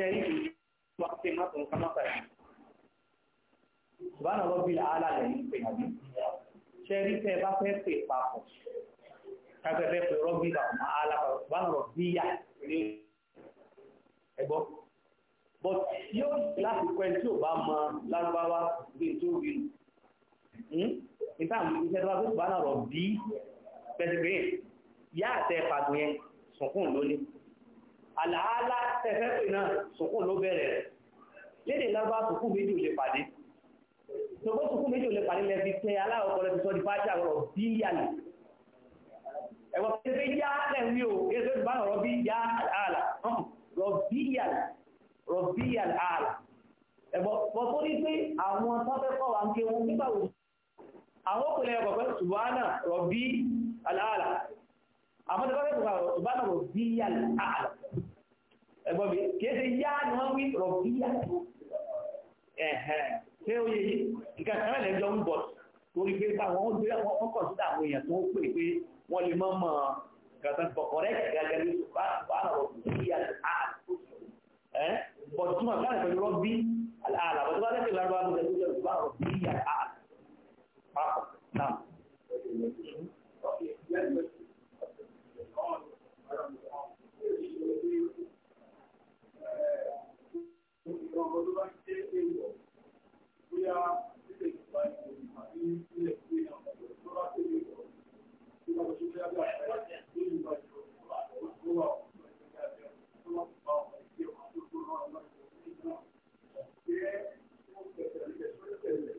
شريك وقت ما كما قال سبحان ربي الأعلى لين في هذه شريك بقى في بقى كذا في ربي بقى ما أعلى سبحان ربي يعني ẹgbọ́ but yóò láti pẹ́ tí ò bá mọ lárúbáwá bí n tó rí nù hmm? níta iṣẹ́ tó bá tó bá náà rọ̀ bí pẹ̀sìpẹ̀yìn yá àtẹ pàdùn yẹn sùnkún lónìí àlàálá tẹ́fẹ́ pè náà sùkún ló bẹ̀rẹ̀ rẹ̀ lédè lábá sùkún méjì ò lè pàdé ṣùgbọ́n sùkún méjì ò lè pàdé lẹ́bi tẹ aláwọ̀kọ́ lẹ́bi sọ di bá jà rọ̀ bí yàlẹ̀ ẹ̀wọ̀ pé yá o ẹgbẹ́ bá rọ̀ bí yá àlà rọ̀ bí yàlẹ̀ rọ̀ bí yàlẹ̀ àlà ẹ̀bọ̀ bọ́ tó ní pé àwọn tọ́fẹ́kọ̀ wa ń ké wọn nígbà wo ṣùgbọ́n náà rọ̀ bí àmọ́ tí wọ́n fẹ́ tó bá rọ̀ bí yà àlà ẹ̀gbọ́n mi kìí ṣe yá ni wọ́n wí rọ̀ bí yà ṣé ó yẹ nǹkan kan lẹ́yìn jọ ń bọ̀ torí pé báwọn ó gbé wọn kọ̀ sí àwọn èèyàn tó ń pè pé wọ́n lè mọ́ mọ́ gàtà kọ̀kọ̀rẹ́ gàgà ní bá rọ̀ bí yà àlà bọ̀ tí wọ́n kàn pẹ̀lú rọ̀ bí gbogbo tó bá ń jẹ́ èèwọ̀ bóyá nílé ìjọba ìgbòho àbí nílẹ̀ ìgbé àwọn ọ̀dọ́ tó bá tẹ̀lé ìwọ̀ tó bá lọ sí bóyá bí àpẹẹrẹ ní ìjọba ìjọba ìjọba ìjọba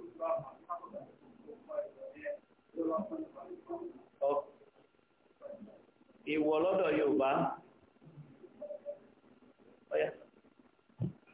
ìjọba ìjọba Ìwọ̀ lọ́dọ̀ Yorùbá. Ọ̀yà.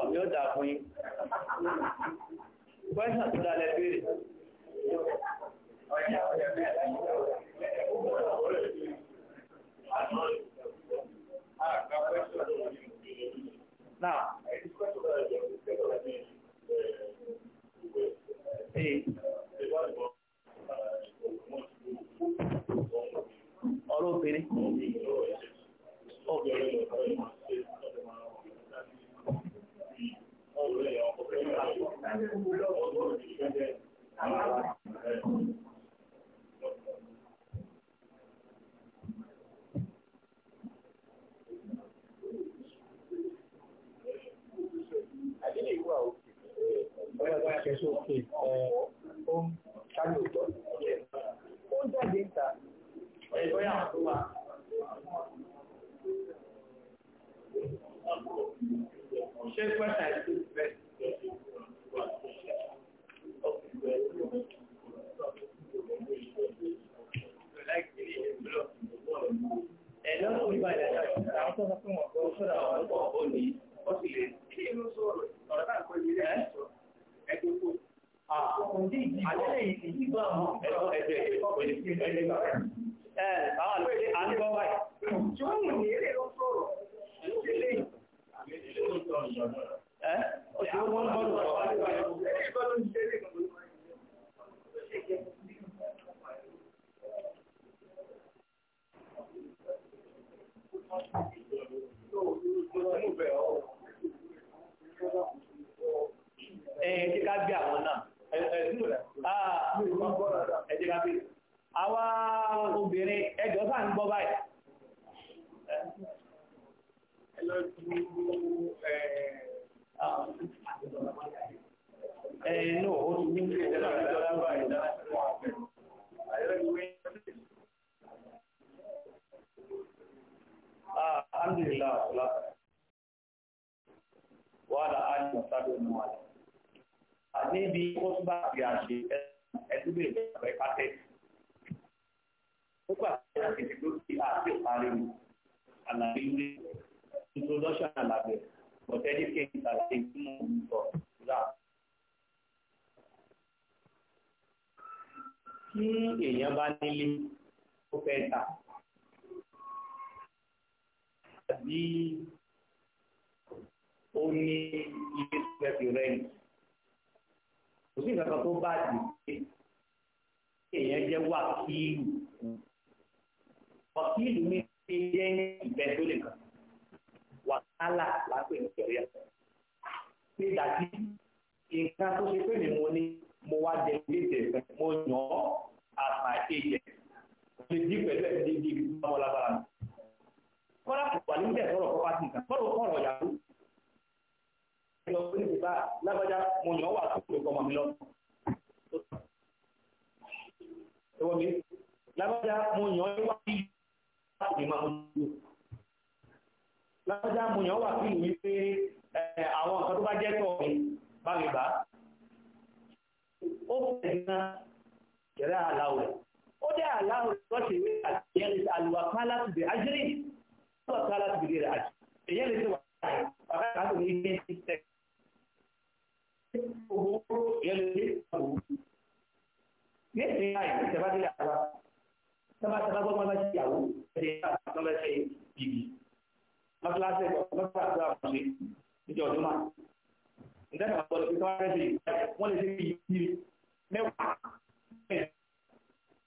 ọ̀mí dà fún yín pẹ́sàn tó dálẹ̀ béèrè ń bá àgbẹ̀ àṣe ẹtú bèrè lọ́wọ́ ẹ pátẹ́. ó gbà pé láti fi lókè àti ìpariwo àlàyé ilé introduction àlàbẹ̀ bọ̀tẹ́lì kéèkì àlàyé ìgbìmọ̀ ìgbọ̀ rà. tí èèyàn bá nílé ó fẹ́ tà àbí ó ní ilé tó fẹ́ fi rẹ́ǹtì kò sí ìgbàgbọ́ tó bá dì pé èèyàn jẹ́ wákìlù wákìlù mi ti jẹ́ ìbẹ́ tó lè kàn wàhálà lápẹ̀ ìṣẹ̀rí ẹ̀ pé dàbí nǹkan tó ṣe pé mi mo ní mo wá jẹ léde mo yàn ọ́ àpà èjẹ̀ lè dí pẹ̀lú ẹ̀ dédé ibi mi. kọ́lá kò wà níbẹ̀ sọ̀rọ̀ kọ́pá sí nǹkan kọ́lá ìyàwó lọ sí ìgbà lágbájá mo yàn wà tó kò kọmọ mi lọ. ẹwọ mi lágbájá mo yàn wà sí ìgbà mo lọ. lágbájá mo yàn wà sí ìlú wípé àwọn nǹkan tó bá jẹ́ tọ̀ mi bá mi bá. ó fẹ́ gan kẹrẹ́ àláwọ̀ ó dé àláwọ̀ lọ́sẹ̀ ìwé àti ẹni àlùwàkán láti bẹ̀ ájírí àlùwàkán láti bẹ̀ rẹ̀ àjẹ́ èyí lè ṣe wà láàyè bàbá owó yẹn lè owó ní èsì láì ìjọba délé àwa sábà sábà gbọ́dọ̀ bá ti yàwó ẹ̀dẹ̀ àtọ́ lẹ́sẹ̀ ìbí mọ́tíláṣẹ́ mọ́tíláṣẹ́ àti àkọsí níjọ ọdún máa nígbà tí wọ́n lọ sí sọ́wọ́n rẹ̀ sí wọ́n lè ṣe bí ìbí mẹ́wàá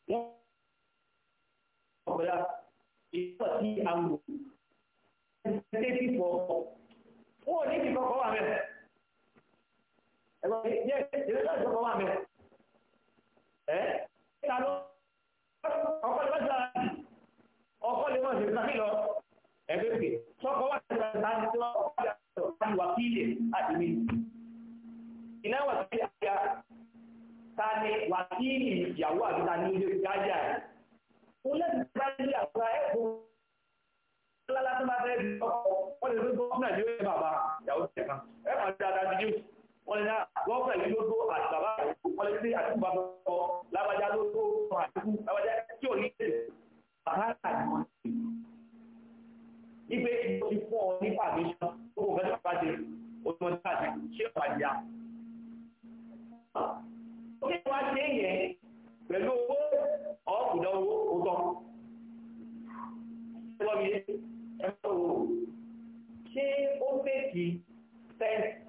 wọ́n ọ̀pẹ̀lá ìgbà tí a ń lò ẹ̀ẹ́dẹ́gbẹ̀fọ́ wọ́n ní ìfọ̀kọ́ wà mẹ́fẹ̀ẹ́ ẹ̀gbọ́n mi yẹ ìrẹsà ìṣòro wà mẹ ẹ ìta ló ọkọ lè má ṣe àjì ọkọ lè má ṣe kàmí lọ ẹgbẹ́ pè sọkọ wà ṣe àjì tí wọn kọ yà sọ àti wà kílè àti mi iná wà sí àyà ta ni wà kílè ìyàwó àti ta ni ilé ìdájà ẹ wọn ti bá ilé àwọn ẹ̀gbọ́n lálá tó bá fẹ́ẹ́ di ọkọ wọn lè fi gbọ́ fún nàìjíríà bàbá ìyàwó tẹ̀ka ẹ pàdé àdájú wọ́n ní náà gọ́ọ̀fẹ̀ yìí ló tó àtìbàbà wọ́n lè sí àtìbà lọ lábàjá ló tó fún àtìkú lábàjá tí ò ní èdè bàbá àtìkú. ipe ìlú ti fún ọ ní pàmíṣán ó kò fẹ́ẹ́ bá ṣe oṣù tí a ti ṣe ọ̀pàdé à. ó ní wá ṣe yẹn pẹ̀lú owó ọ̀ọ́kùnrin owó òótọ́. ṣé ó fẹ́ kí sẹ́ńtì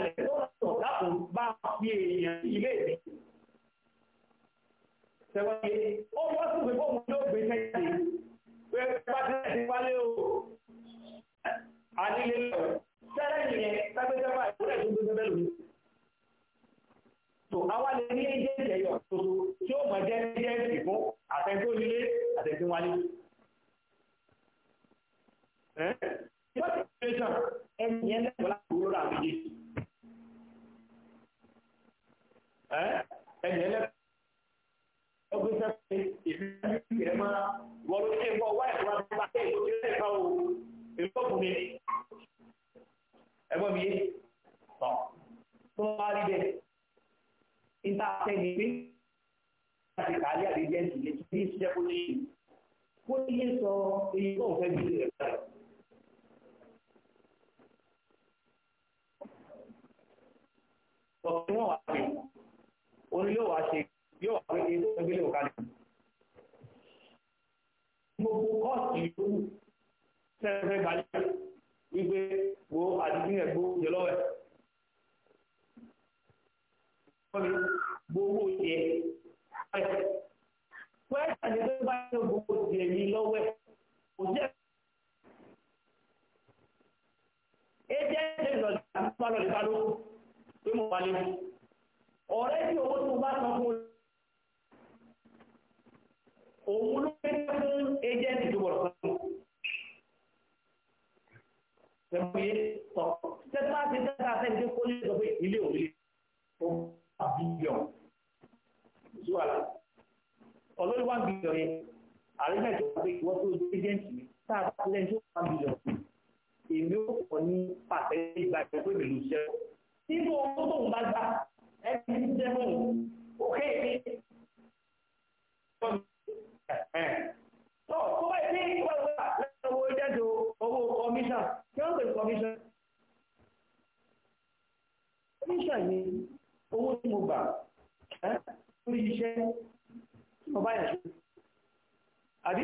kalẹ̀ lọ́wọ́ láti bá fi èèyàn ilé ìdí. Ṣẹ̀wọ̀n ó wọ́n sì pé fóònù ló gbé jáde pé pátá ti wálé o. Àdílé lọ, sẹ́rẹ̀ yẹn tágbẹ́sẹ́fà ìpínlẹ̀ tó gbé sẹ́fẹ́ lòdì. Tò àwa lè ní éjẹ̀ǹtì ẹ̀yọ̀ tuntun tí ó mọ̀ jẹ́ éjẹ̀ǹtì fún láti wúlò rà ẹni ẹlẹ́kọ̀ọ́ ọgbẹ́ ó ní yóò wá ṣe yóò wá pé ewu ẹgbẹ́lẹ́ òkàlẹ̀. gbogbo kọ́ọ̀sì yòókù sẹ́fẹ́ balẹ̀ wípé wo àdìsí ẹ̀ gbó jẹ lọ́wọ́ ẹ̀. gbogbo jẹ ẹ̀ pẹ́ẹ́sì àti pé bá yóò pé mo wà lẹ́nu ọ̀rẹ́ tí owó tó bá san fún òun ló fẹ́ fún agent tó bọ̀rọ̀ fún un pẹ̀lúye tọ̀ tẹ́tà ti tẹ́tà sẹ́ni tó kó lè sọ pé ilé òun ó bá bílíọ̀n zuwa la ọlọ́rí one billion yẹn àrígbẹ̀ tó pé ìwọ́n tó jẹ́ agent mi tá a bá lẹ́yìn tó one billion èmi ó pọ̀ ní pàtẹ́ ìgbà ìgbà pé mi lù ṣẹ́ nínú owó tóun bá gbà ẹni jẹ́ mú òkè mi. tó tó bá yẹ kí wọ́n wá lọ́wọ́ jẹ́jọ owó commission kí wọ́n pè ní commission. commission ni owó tí mo gbà lórí iṣẹ́ tí mo bá yẹ ṣe. àbí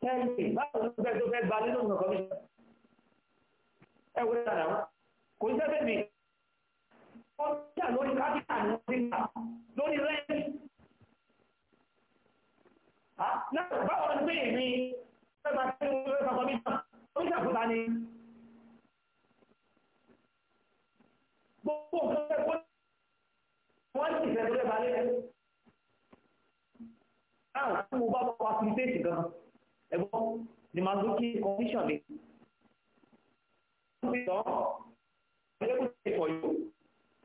tẹ́lẹ̀ báwo kò ní sẹ́fẹ̀ mi ọjà lórí kápítà ní wọ́n ti gbà lórí rẹ́ẹ̀tì. náà báwo ni pé èmi fẹ́ta tí mo fẹ́ sọ kọ́míṣà kọ́míṣà kò ta ni. gbogbo nǹkan fẹ́ kó wọ́n ti fẹ́ lórí ẹ̀ka lẹ́yìn. náà tí mo bá bọ́ wá sí ilé ìsìn gan ẹ̀gbọ́n ni màá lókè kọ́míṣà mi. Ìjọba ẹgbẹ́ kò tẹ̀ fọ́ yìí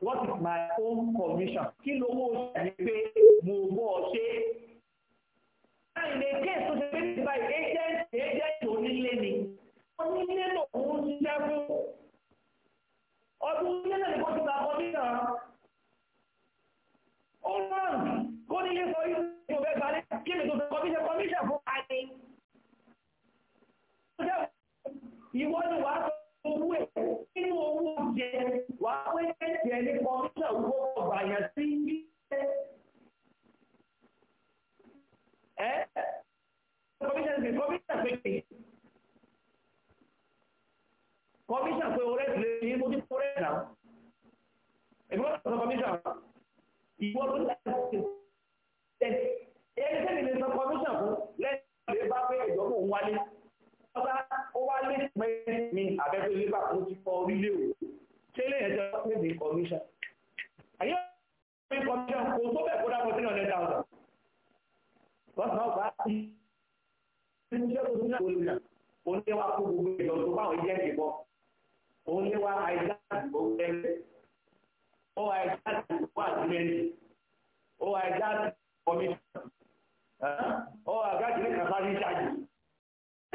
what is my own commission kí lówó ṣàyẹ̀ pé mo bọ́ ọ ṣe. láì lè kí èso ṣe pé nípa agent agent onílé ni onílé lòun ń ṣiṣẹ́ fún ọdún onílé náà ni wọ́n ti ta commission. ó rán kó nílé sọ yìí ní ọ̀bẹ gbalẹ̀ kí èmi tó fẹ́ commission commission fún wa ni. ìwọ ni wàá sọ owó ẹ̀ nínú owó oúnjẹ wà á wé tẹ̀sí ẹ ní kọmíṣà ọgbà yẹn sí ilé. ẹ kọmíṣà sí kọmíṣà pé kì í kọmíṣà pé orí ẹ̀ lè ní mojú orí ẹ̀ náà èmi wọ́n sọ kọmíṣà ìwọ́n ló láti ṣe ẹni sẹ́ni lè sọ kọmíṣà fún lẹ́yìn ìgbà pé ìjọba òun wálé ọba ó wá lè pẹ́ ní abẹ́gbẹ́ nígbà tó ti kọ orílẹ̀ o ṣé lè ẹ̀jẹ̀ pé ní commission àyè pé commission kò tó bẹ̀ kó dákọ̀ three hundred thousand wọ́n sàn ọba ti ní iṣẹ́ tó ní àwọn olùyà òun lé wa kó gbogbo ìjọ tó bá òun jẹ́ ìbọn òun lé wa àìsàn ìbọn gbẹ́gbẹ́ ó àìsàn ìbọn àtìlẹ́yìn ó àìsàn ìbọn mi ó àgbàjì ní kàfárí ṣáàjì.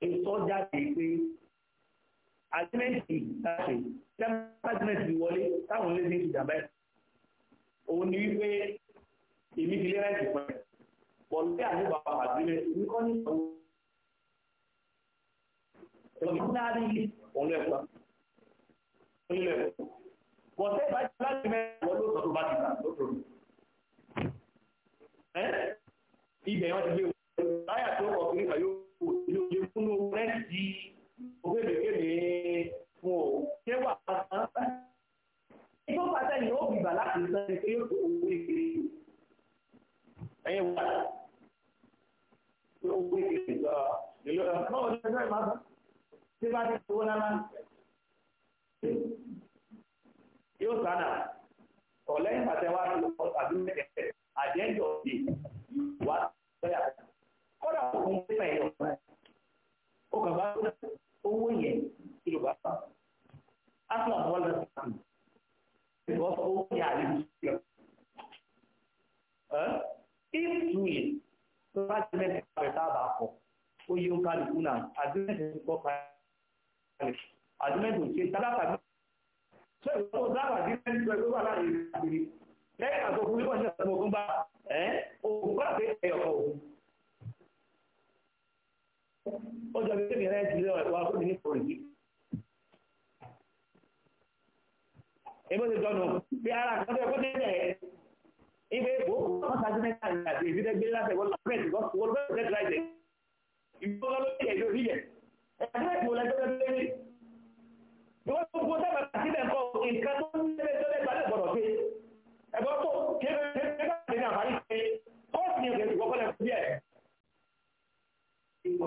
ìsọjáde pé àgbẹ̀mẹ̀tì láti lẹ́mọ̀tì wọlé táwọn lé ní ìjàmbá ẹ̀ òun ni wípé èmi ti lé rẹ́ẹ̀tì pẹ̀lú bọ̀lẹ́ àdúgbò àgbẹ̀mẹ̀ ní kọ́ ní ìṣòwò ìṣòwò náírà ilé ọ̀lọ́ ẹ̀kọ́ ilé ẹ̀kọ́ bọ̀lẹ́ ìbájú láti mẹ́rin wọ́n ló sọ tó bá ti gbà lọ́tọ̀ọ̀lù nínú rẹ̀ di fún ọ ṣé wà á san. ìjọ pàṣẹ yìí ó bìbà láti san ní yóò tó owó ìgbèrè ẹ̀yẹ wà owó ẹ̀ ìmọ̀ ṣé bá ti owó náà yóò sànà wa ó kàn bá owó yẹn kí ló bá bá after all the time because owó yẹn àlè ló ti yọ if two years tó bá ti mẹ́ta rẹ̀ tá a bá kọ ó yẹ ó kálukú náà agreement ti kọ́ kalẹ̀ agreement ò ṣe tálákà náà ṣé ìwọ́n tó dábàá dín lẹ́yìn tó ẹgbẹ́ wà láàyè ìrìn àgbèrè lẹ́yìn àgbòkú wíwọ́n ṣe àtúnmọ̀ fún bá ẹ̀ òun àti ẹ̀yọ̀kọ̀ òun ó jọ bíi mìíràn ìdílé wa fún mi ní kò rí. èmi ò ti jọ nù bí ara kan tó yẹ kó délẹ̀ ibi èkó wọn ṣáájú mẹ́ta ní àti èyí tẹ́ gbé láti ẹ̀wọ́n lọ́pẹ́ ti gbọ́ wọ́n lọ́pẹ́ tẹ́ láì tó gbó sábà síbẹ̀ nǹkan nǹkan tó ń lé lẹ́jọ́ lẹ́gbàá lẹ́ gbọ́dọ̀ pé ẹ̀gbọ́n tó kéré kéré kéré ní àbáyé pé kọ́ọ̀sì yẹn kò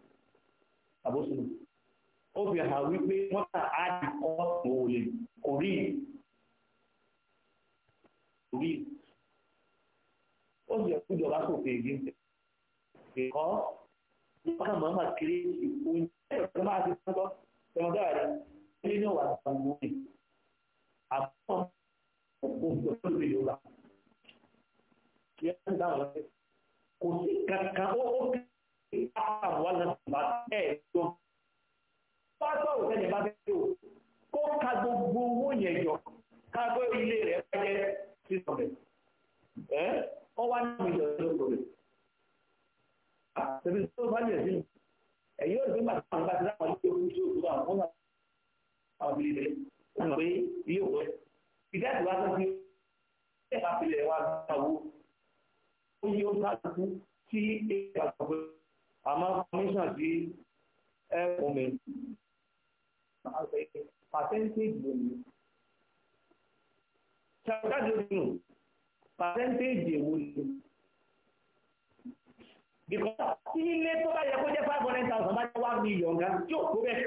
àbóṣùlù ó fi hàn wípé wọ́n kà á di kọ́ọ̀tù òòlè kò rí rí ó sì yẹ kó ìjọba sòfin èyí ń tẹ̀ ẹ̀kọ́ wọ́n kà máa ma kiri oúnjẹ ẹ̀rọ máa ti tọ́ tẹmọtẹ́ rẹ̀ ilé ní ọ̀wà ìpamọ́ rẹ̀ àpọ̀ òkùnkùn tó lè yọba yẹn ń dáhùn rẹ̀ kò sí kankan ó kẹ́ àwọn àgbà ẹ̀ tó pásọ̀ òtẹ́lẹ̀ bá fẹ́ tó kó ka gbogbo owó yẹn jọ ká gbé ilé rẹ̀ pẹ́jẹ́ sí sọ̀rọ̀ ẹ̀ ọ wá ní ìjọ tó sọ̀rọ̀ àtẹ̀bí tó bá lè sínú ẹ̀yìn ò sí màtí àwọn bàtí láwọn ilé òkú sí òkú àwọn ọmọ àwọn ìbílẹ̀ rẹ̀ wọn pé ilé òkú ẹ̀ ìdí àti wá sọ́sí ẹ̀ àpilẹ̀ wa gbà owó ó yí ó bá tuntun tí ẹ̀ bá sọ̀rọ̀ àmọ́ commission tí ẹ fún mi percentage ló ní ṣàkájọ nù percentage èwo ni because tí ilé tó bá yẹ kó jẹ́ five hundred thousand bá jẹ́ one million gan tí ò tó bẹ́ẹ̀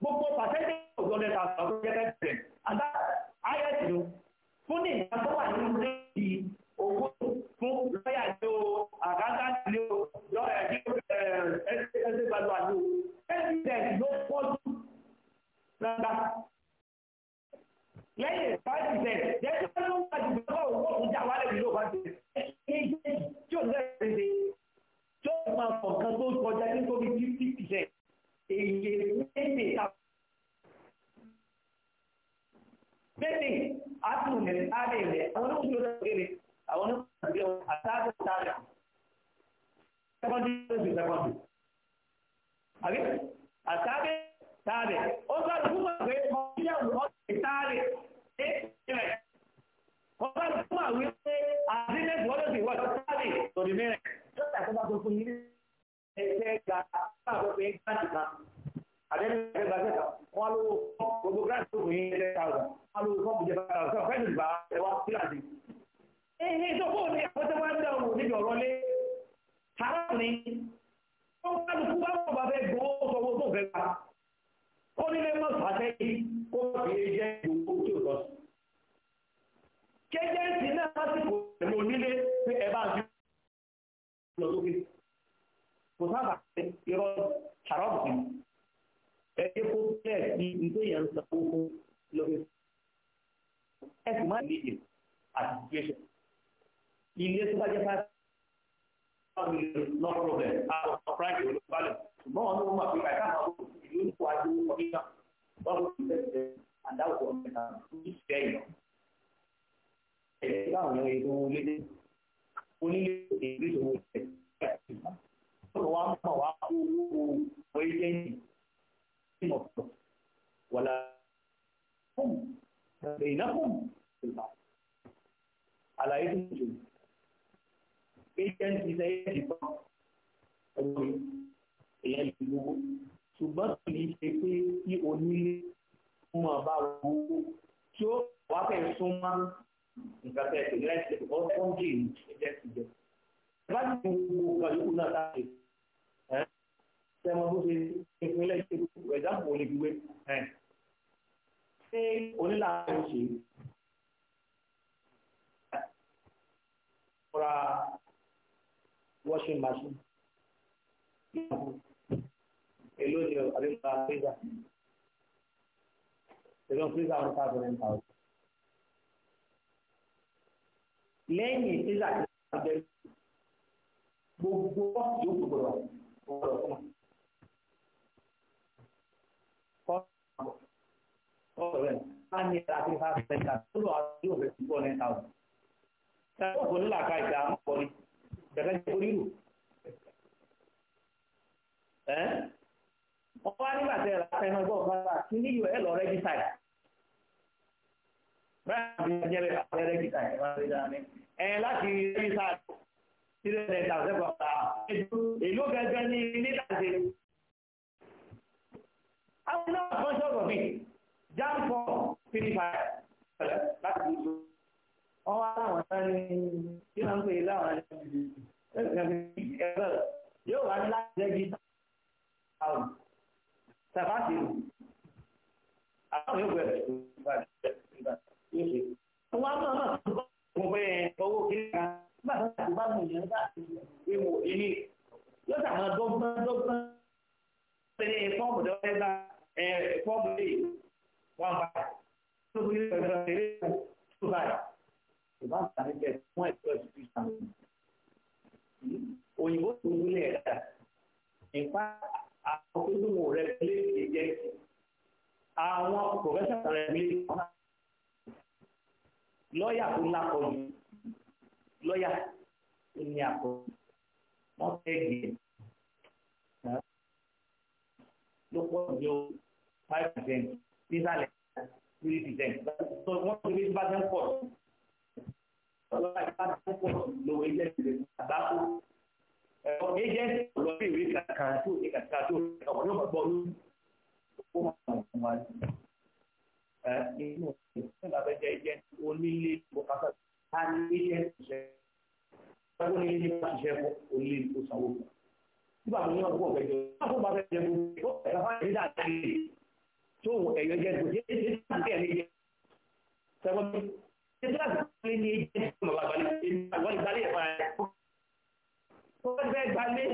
gbogbo percentage of hundred thousand tó jẹ́ ten percent and that highest no fún ní ìgbà wà nínú lẹ́yìn fún lọ́yà ní o àgágá ní o lọ́yà ní o ẹsẹ̀ gbàgbà ní o president ló pọ̀ jù lọ́dà lẹ́yìn five percent jẹ́jọ́ ló ń gbàdúrà lọ́wọ́ òwò fún jà wálé ìlú ọ̀gá ti ẹgbẹ́ tí ò lẹ́sẹ̀ ṣe tí ó máa fọ̀ kan tó kọjá ní tó bí fifty percent èyí méje ta. Bẹ́ẹ̀ni, a tún lè sáré rẹ̀, àwọn olóògùn ló lọ́wọ́ àwọn onígbàgbé wọn àtàkùn tààrà sẹ́kọ́ndì lóṣù sẹ́kọ́ndì àbí àtàkùn tààrà ó sọ̀rọ̀ fún wọn pé mo ní àwọn ọ̀sẹ̀ tààrà ṣé ìrẹ̀ wọ́n bá fún ilé àdínẹ́sì wọ́n lọ́sì wọ́n tààrà lórí mẹ́rin tó tàkùnbà tó fún yín ẹgbẹ́ gba àbọ̀ pé gbàǹdì kan àdéhùn ẹgbẹ́ gba sẹ́ta wọn lówó gbogbo gíláàsì tó fún yín ẹgbẹ́ tààrà wọn lówó fọ́ọ̀mù jẹ́ bàtà ọ̀sẹ̀ ehe ìdókòwò ní àpótẹ́ wá ń dá òun níbi ọ̀rọ̀ lé haram ni wọ́n bá lùkú bá wọ́n bá fẹ́ gbowó sọ́wọ́ tó fẹ́ gbà ó nílé mọ́ sàtẹ́ yìí kó má fi jẹ́ ìgbòho tí ò lọ sí. kéjẹ́ǹsì náà lásìkò ẹ̀mí onílé pé ẹ bá ń fi lọ sókè kò sábà irọ́ haram sí ẹ ẹ kó bẹ́ẹ̀ sí ìgbéyàn sàkóso lọ́wọ́ ẹ sì má lè jẹ àti situation ilé tó bá jẹ́ bá no problem out of pride ló bá lẹ̀ ṣùgbọ́n wọn ní wọn máa fi àìká àwọn ọmọ ìlú nípa adé wọn ní náà wọn kò fi bẹ̀rẹ̀ àdáwọ̀ ọ̀gbẹ̀ta ní ìfẹ́ ìlọ. ẹ̀yẹ́ báwọn yẹn tó lédè lọ́yà tó lápọ̀jù lọ́yà tó ní àpọ̀ wọ́n fẹ́ gbé e. ló pọ̀ ju five percent nísàlẹ̀ three percent so wọ́n ti rí bá tẹ́ ń pọ̀ lọ́wọ́ ìbá ń pọ̀ lọ́wọ́ ilé ìdílé àbákò ẹ̀rọ agent lọ́wọ́ ìwé kàkà tó ìkàkà tó ọ̀pọ̀lọpọ̀ ló ń kó máa ń wá sí i inú ìṣẹ́ ìbàbẹ́jẹ́ jẹ́ onílé bọ́kátà á ní ilé ìṣẹ́ ọgbọ́n ní ilé bá ṣiṣẹ́ fún onílé tó sanwó fún tí bàbá yẹn ọgbọ́n ọ̀gbẹ́jọ náà fún bàbá ẹ̀jẹ̀ gbogbo ẹ̀ka fún ẹ̀jẹ̀ dáadáa lè tó ẹ̀yọ jẹ́ tó ṣe ṣe ṣe ṣe ṣe sẹ́wọ́n mi ṣe ṣe ṣe ní ẹ̀jẹ̀ fún bàbá ìgbàlẹ̀ ẹ̀fà rẹ̀ tó fẹ́ gbalé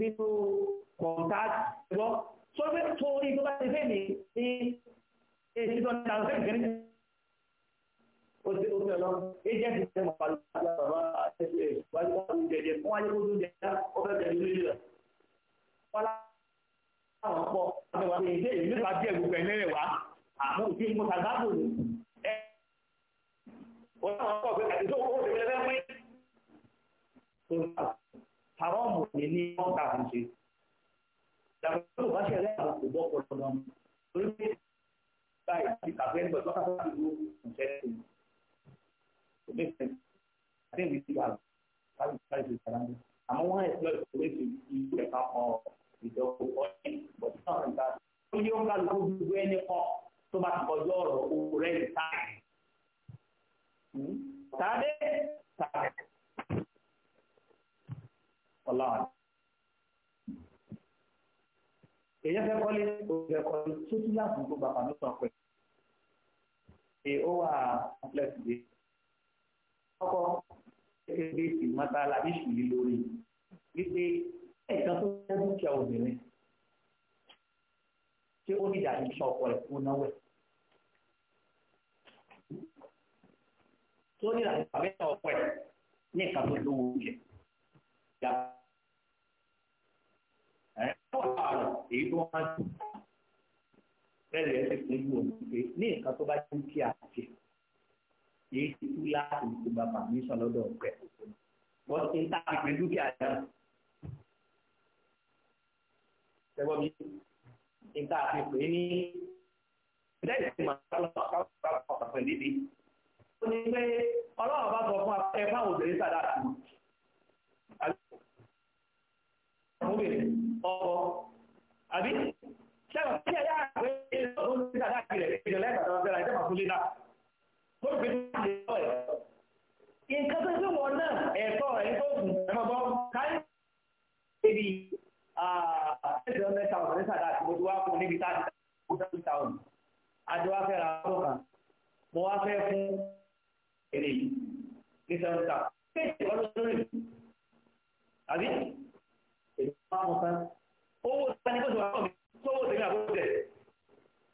nínú kọ̀ǹtà ẹ̀gbọ́n sọ èyí lọ ní àwọn ẹgbẹ́ ní oṣù tó fẹ́ lọ ẹjẹ́ ti fẹ́ mọ̀ pàlú àti bàbá àtẹ́sẹ̀ wájú àwọn jẹjẹ fún wáyé kótó jẹ ká ó fẹ́ tẹ̀lé lórí rẹ̀ wọ́n láwọn pọ̀ àwọn ìwà èdè ìlú bá jẹ́ gbogbo ẹ̀mí rẹ̀ wá àmọ́ òfin mo kà gbábò ní ẹ̀ wọ́n láwọn pọ̀ pé àti tó owó tẹ̀lé fẹ́ pín tó ń bá àwọn ọmọ òní ní wọ́n kà fún ṣe ìjàmbá tó bá ṣẹlẹ̀ àwọn kò bọ́ pọ̀ lọ́dọ̀ side if available not have to go and check it to make sense i think we still have five five to seven àmọ́ wọ́n exploit the way to use the account of ìjọba ọ̀hún but not in that ó yẹ wọn kálukú gbogbo ẹni kọ tó bá ti kọjú ọ̀rọ̀ owó rẹ̀ ní táyà hmm? èèyàn fẹ́ kọ́lé òfin ẹ̀kọ́ tó tún láti tó bàbá mi sọ pé ṣe ó wà complex dé ọkọ kékeré sí mọ́tàlá iṣu yìí lórí wípé ẹ̀ẹ̀kan tó fẹ́ dúkìá obìnrin ṣé ó ní ìdàgbé iṣẹ́ ọkọ ẹ̀ fún náwó ẹ̀ tó ní ìdàgbé ọkọ ẹ̀ ní ìka lówó jẹ yàtọ̀ àrùn èyí tó wá dùn bẹ́ẹ̀ ẹ ti fún ìlú òun pé ní nǹkan tó bá jẹ́ kí a ṣe èyí ti tú láti ní gbogbo àpàmísàn lọ́dọ̀ ọ̀pẹ́ wọ́n ti ń tàbí pé dúkìá náà ṣẹ́gbọ́n mi ń tàbí pé ní ìdájọ́ ti máa ń lọ ọ̀pá ọ̀pá pẹ̀lú ìdí. ó ní pé ọlọ́run bá sọ fún ẹ fáwọn obìnrin sàdáàtì ọmọbìnrin ọkọ àbí ṣẹ́wọ̀n tí ẹ̀yà àgbẹ̀ ìlọ́run ní ìdàdá ìrẹ̀ ìjọba ìgbàdàn ọ̀fẹ́ láì tẹ́wọ̀n fún lílá tó fi ní ìlọ́ ẹ̀. nǹkan tó ṣe wọn náà ẹ̀tọ́ rẹ̀ tó kù ẹ̀mọ́bọ́ káyọ̀ níbi ẹ̀sẹ̀ ọ̀nẹ́ tàwọn ní sàdá àti mo ti wá fún níbi táàdì táwọn àti wá fẹ́ ra ọkọ̀ kan mo wá fẹ́ fún èrè ní sẹ́wọ̀n tà èdè máa mú sáré owó sáré kó sọ̀rọ̀ mi sọ́wọ́ tẹ̀lé àbúrò tẹ̀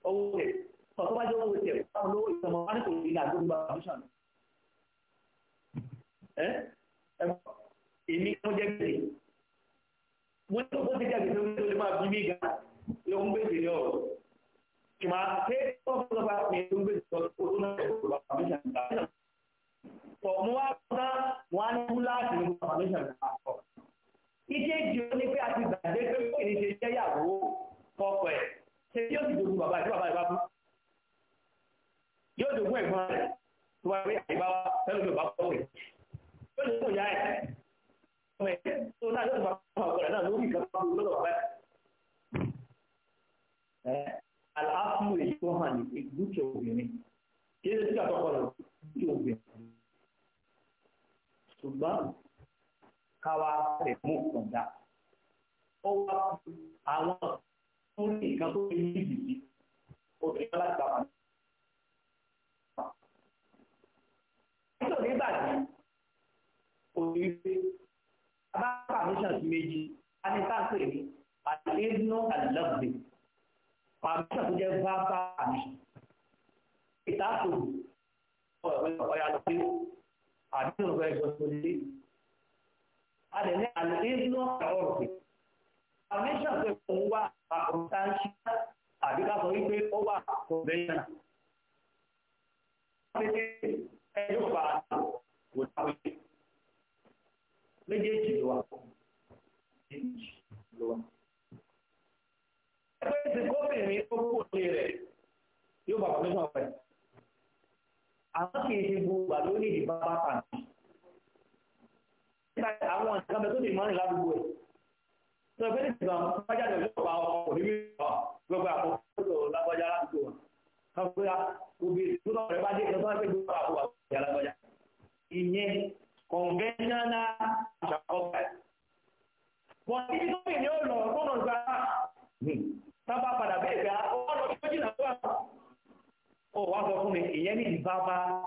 owó tẹ̀ sọ̀tọ́ bá jẹ́ owó tẹ̀ báwo lówó ìtọ́mọ wọn kò ní àdúgbò gba commission ẹ ẹ èmi kan jẹ́ gbèsè mo ní owó tẹ̀lé àgbèsè mi lè máa bí mi ga ló ń ọ̀rọ̀ ọ̀rọ̀ tó méjèèjì ó ní pé a gbàgbé pé kí ni ṣe jẹ́yàwó fọ́kọ ẹ̀ ṣe yóò sì dogun bàbá àti bàbá rẹ̀ bá kú yóò dogun ẹ̀gbọ́n rẹ̀ tó wáyé pé àyíká wa fẹ́ràn ló bá kọ́ rẹ̀ yóò dogun ìyá ẹ̀ ọmọ ẹ̀ tó náà yóò bá kọ́ ọ̀gọ́ rẹ̀ náà lórí ìkàkọ́ lọ́dọ̀ bàbá ẹ̀ àlàáfù èyí tó hàn ní dúkìá obìnrin kí ẹ ṣe àtọ́kọ̀ rẹ̀ káwa rẹ̀ mú nǹkan dá ó wá àwọn tó ní nǹkan tó ní ìdìbí obìnrin láti bá wọn. nítorí ìbàdí kò ní wípé bá permission sí méjì a ní sáǹpẹ̀ ní àtẹ́gùnà àlọ́gbìn permission tó jẹ́ bá bá ìtàkùn ọ̀rọ̀ ọ̀yà lọ́pẹ́ àdéhùn ọ̀rọ̀ ẹ̀jọ̀ tó a lè ní àlùfíìsínú ọ̀rọ̀ rẹ̀. permission pé òun wà àkọ́ńtáńṣíà àbí ká sọ wípé ó wà conventional. wọ́n ti ṣe ẹjọ́ pa kò dáwé méjèèjì ló wà. ẹgbẹ́ ti gómìnrin tó kù ní rẹ̀ yóò bá permission pẹ̀. àwọn kì í ṣe gbogbo àlónìí bá bá pàǹtí àwọn nǹkan bẹ tó lè mọ́rin ládùúgbò ẹ̀ tó ẹgbẹ́ ní ìgbà pàjáde ọlọ́pàá ọkọ̀ níbi ìgbà gbogbo àkókò lágbájá ládùúgbò wọn káfíà òbí ah, tó lọ rẹ bá dé ẹgbẹ́ tó gbogbo àkókò àkókò lágbájá ìyẹn kọ̀ǹgẹ́nánà àṣàkọ́gbà wọ́n ti tó bì ní ọ̀nà tó nà gbà tábà padà bẹ́ẹ̀ gbà ọ̀nà tó jìnnà tó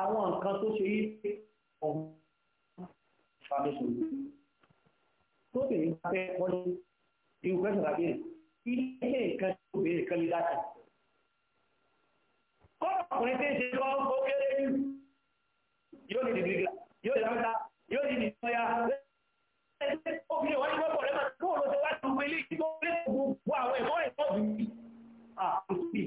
àwọn nǹkan tó ṣe yí ọ̀hún foundation tó bèrè ń fẹ́ wọ́n ní irú pẹ́sẹ̀ lábẹ́ rẹ̀ ilé nǹkan tó bèrè kan lè dáta. kọ́nà ọkùnrin tí ń ṣe lọ́wọ́ ó kéré jù yóò ní dìbìrì yóò ní dáńtà yóò ní dìbìrì ọ̀yà obìnrin wáyé lọ́pọ̀ rẹ̀ máa tó ló ṣe wá ju ilé tó lé gbogbo àwọn ẹ̀kọ́ ẹ̀kọ́ bìí.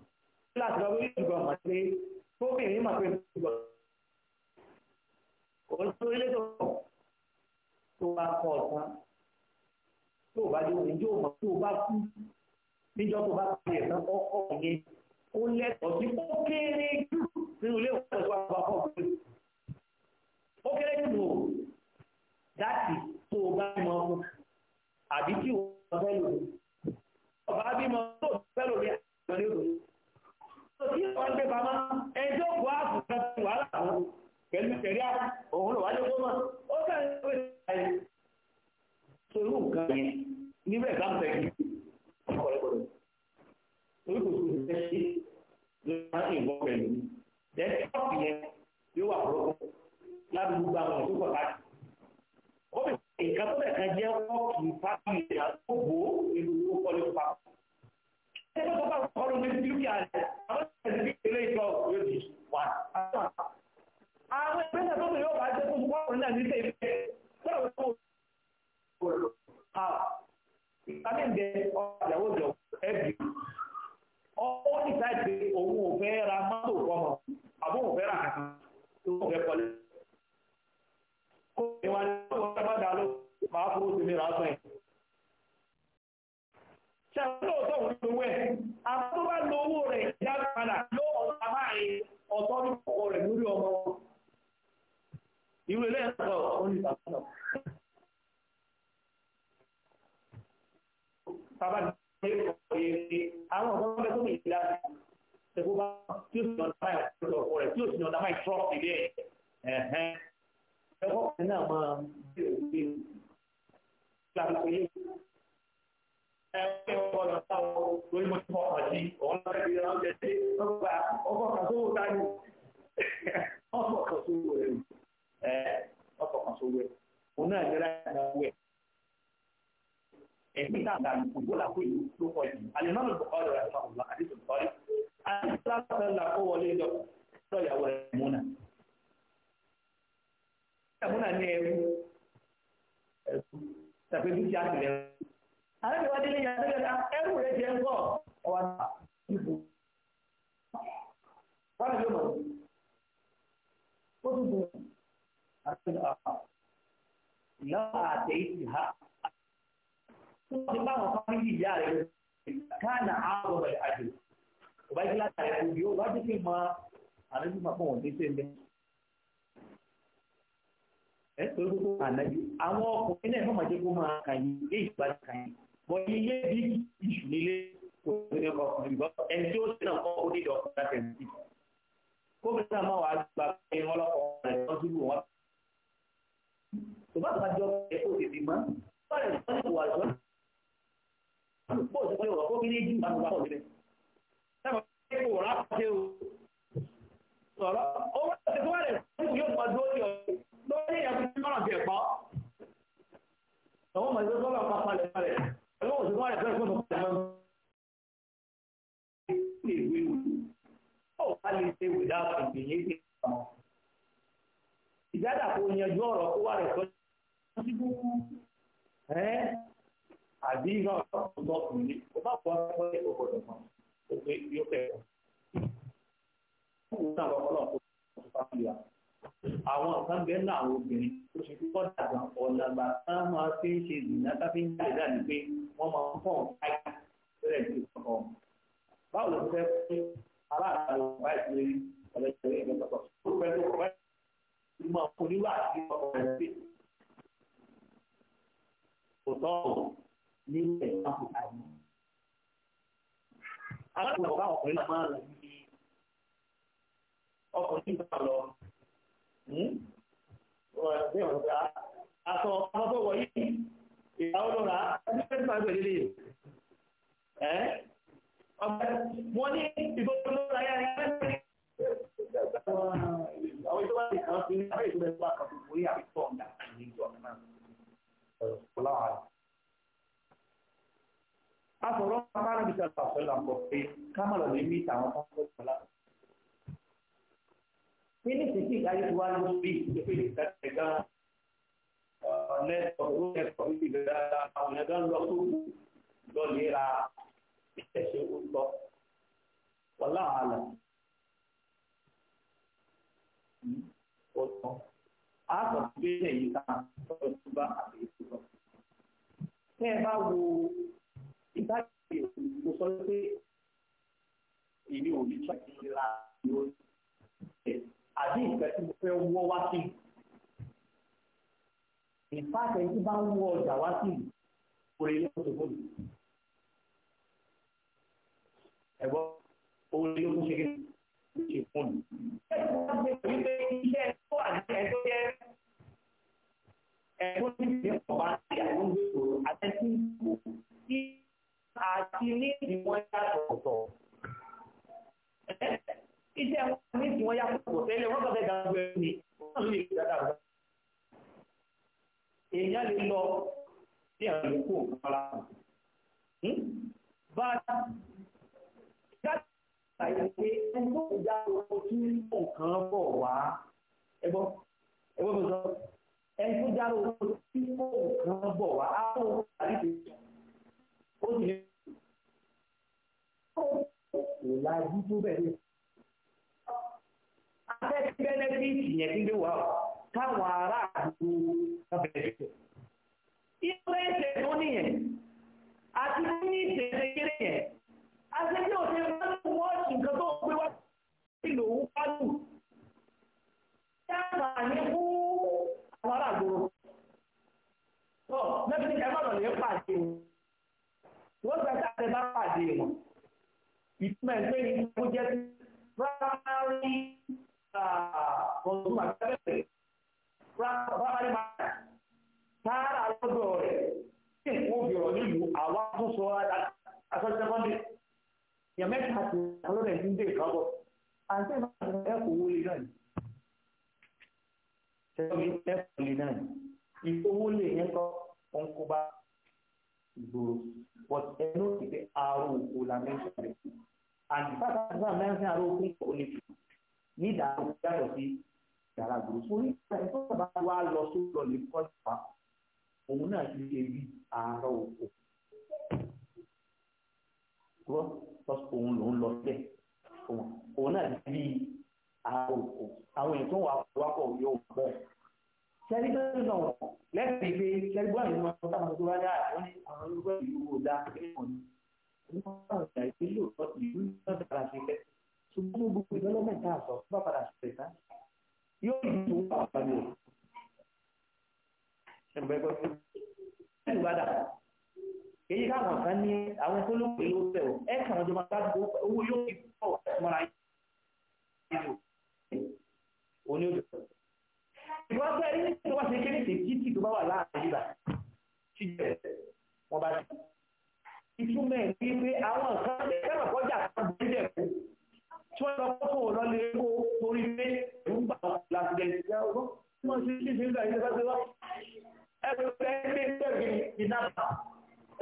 láti lọ bí ìgbọ̀n mọ̀ pé gómìnà mọ̀ pé ìgbọ̀n òṣèlú orílẹ̀ tó tó bá kọ́ ọ̀tán tó bá dé òní yóò mọ̀ tó bá kú níjọ́ tó bá kú ẹ̀sán ọkọ̀ yẹn ó lẹ́tọ̀ọ́ sí ó kéré jù nínú ilé ìwòsàn tó bá kọ́ ọ̀gbìn ó kéré jù nù dáàtì tó bá mọ àbí tí òun fẹ́ lò ó ọba bímọ tó fẹ́ lò ní àgbẹ̀lẹ́ òun tí wọ́n gbé pamọ́ ẹjọ́ kò áàpù kan ti wàhálà àwọn pẹ̀lú tẹ̀rí òun lò wájú gómọ̀ ó fẹ́ẹ́ ń pè é ṣòro nǹkan yẹn níbẹ̀ bá tó bá bá jọ ẹ̀kọ́ òdìdí mọ́ báyìí wọ́n ti wà lọ́wọ́ pọ̀ sí ọ̀rọ̀ kó kíní jù àwọn ọ̀pọ̀ sílẹ̀ táwọn ẹ̀kọ́ rà pàṣẹ o sọ̀rọ̀ ó wọ́n ti fún ẹ̀rẹ̀ fún yóò máa dúró sí ọ̀rọ̀ lórí ìyàtọ̀ tí wọ́n ti ẹ̀kọ́ àwọn ọmọ ìgbésọ́ lọ pa palẹ̀ palẹ̀ ẹ̀rọ ìjádà kò yanjú ọ̀rọ̀ kó wà rẹ̀ sọ síbú ẹ́ àbí ìgbà ọ̀tọ̀ ìlú ó bá pọ̀ ọ́ ẹ̀ ó gbọ́dọ̀ mọ́ ó pé yóò fẹ́ ọ̀ wọ́n náà lọ́kọ́ lọ́kọ́ tó bá fi wà àwọn kan bẹ́ẹ̀ náà àwọn obìnrin tó ṣe kíkọ́ dàgbà ọ̀làgbà tá a máa fi ń ṣe ìdìnnà tá a fi ń jáde dà ní pé wọ́n máa ń pọ̀ káyà bẹ́ẹ̀ ní ìkọ̀kọ̀ báwo ló fẹ́ pé aláàbò báyìí lórí ọ̀lẹ́jọ́ ìgbẹ́sọ̀tọ̀ tó fẹ́ tó kọ̀ báyìí ìmọ̀ oníwà sí ọkọ̀ rẹ̀ pé kò tọ́ ọ̀ nílẹ̀ ìwàkùn àìmọ̀. àwọn ìwà ọ̀gá ọkùnrin náà máa ń rẹ̀ ní ọkùnrin náà lọ. Hmm? Àtọ̀ ọmọ tó wọ̀ yìí, ìyàwó ló rà á, ẹni pẹ́ẹ́tì máa ń pè wọ́n ní ìbọn tó yára yára itu kan kalau itu sudah keluar ke kuliah ya itu enggak hijau memang keluar. Apa orang kan bisa tahu dalam kopi kamu lebih minta orang keluar. Ini sisi dari tuan mesti tapi ketika network network itu tidak menggunakan waktu dolera itu untuk walau alam ó tán á sọ pé èyí ká sọ̀rọ̀ tó bá àbẹ̀yẹ tó lọ. tẹ́ ẹ bá wo ìbáṣe mo sọ pé èmi ò ní tọ́ ìlera lórí ẹ̀ àbí ìfẹ́ tí mo fẹ́ wọ́ wá sí i ìfáàtẹ̀ tí bá ń wọ ọjà wá sí orí lọ́sọ̀ fún mi. ẹ̀gbọ́n orí ló tún ṣe kéde ìfúnni. wípé iṣẹ́ tó wà ní ẹjọ́ jẹ́ ẹ̀kọ́ tí ìdílé pọ̀ bá ti àwọn ìgbèrò àtẹ́sí ìgbò tí àti ní ìdíwọ́n yàtọ̀ ọ̀tọ̀. iṣẹ́ wọn ní ìdíwọ́n yàtọ̀ ọ̀tọ̀ tẹ́lẹ̀ wọ́n kàn fẹ́ dàgbé ẹni wọ́n lè dáadáa rẹ̀. èèyàn lè lọ sí àwọn ìlú kó òkú ọlá. bá a ṣàyẹ̀ pé ẹni tó kò já lọ tí nǹkan bọ̀ wá ẹgbọ́n ẹgbọ́n ẹni tó já lọ tí nǹkan bọ̀ wá á tó ń parí ìpè ó sì ní kò lájú tó bẹ̀rẹ̀. afẹ́fẹ́ bẹ́nẹ́fíìtì yẹn ti ń gbé káwọn ará àdúgbò kábẹ̀rẹ̀ bẹ̀rẹ̀. ìfẹ́ ìṣẹ̀dún nìyẹn àti ní ìṣẹ̀dún kéré yẹn àṣejì òṣè ìrọ́lù wọ́n nǹkan tó gbé wá sí ìlú wájú dáàbà ní fún àwọn aráàgbòrò tó lẹ́sìn ẹ bọ̀dọ̀ lè pàdé wọ́n fẹ́ káàdé bá pàdé wọn ìtumọ̀ ẹgbẹ́ yìí kó jẹ́ primary consumer service primary market sáárà lọ́dọ̀ rẹ̀ tí nǹkan òbí ọ̀rọ̀ nílùú àwọn tó sọ asọ́jọ́sẹ́kọ́ndì èèyàn mẹ́ta tó ọlọ́dẹ̀ ti ń dé ìkábọ̀ àti ẹ̀fọ́ ẹ̀kọ́ owó lè náà ni ṣẹ́yọ́ mi ẹ̀kọ́ lè náà ni ìfowó lè yẹn kọ́ ọ̀nkọ́ba ìgboro but ẹnu ti pé àrò òkú la mẹ́ta rẹ̀ and bàtà nígbà mẹ́rin àrò òkú kò lè fi ní ìdáhùn yàtọ̀ sí yàrá gbòòrò sórí ìfowópamọ́ bá wà lọ sódò lè kọ́ ìfà òun náà ti ṣe bí àárọ̀ òkú òun lòún lọ síbẹ̀ òun náà ti bí àwọn òkú àwọn èèyàn tó wà wákọ̀ yóò bọ̀ sẹ́rí tó ń lọ lẹ́sìn ìgbé sẹ́rí bọ́ọ̀ nínú ọjọ́ táwọn tó bá dá àwọn àwọn olùkọ́ ìlú wo dá ẹ̀wọ̀n ní wọ́n bá wọn dà ìpín lóòótọ́ ìlú náà dára sí fẹ́ ṣùgbọ́n gbogbo ìdọ́lọ́mẹ̀ta àtọ̀ bá padà sọ̀rọ̀ ìta yóò dùn wọ́n àpàlẹ̀ ẹ̀rù bá dà èyí káwọn kan ní àwọn tó lóògbé ló fẹ́ o ẹ kàn jọba láti owó yóò fi pọ̀ mọ́ra ìlú òní òjò. ìwọ pé ẹni tó bá ṣe kéré ṣe títì tó bá wà láàrin ibà tí jẹ wọn bá ti. ìtumọ̀ ẹ̀ ní pé àwọn kan kẹ́rọ̀ kọjá kan bó jẹ̀ kú tí wọ́n lọ kókó lọ lè kó torí pé òun gbà wọn láti dẹ̀ ṣe wọ́n ti ṣe ìṣèlú àyíká tó wá. ẹ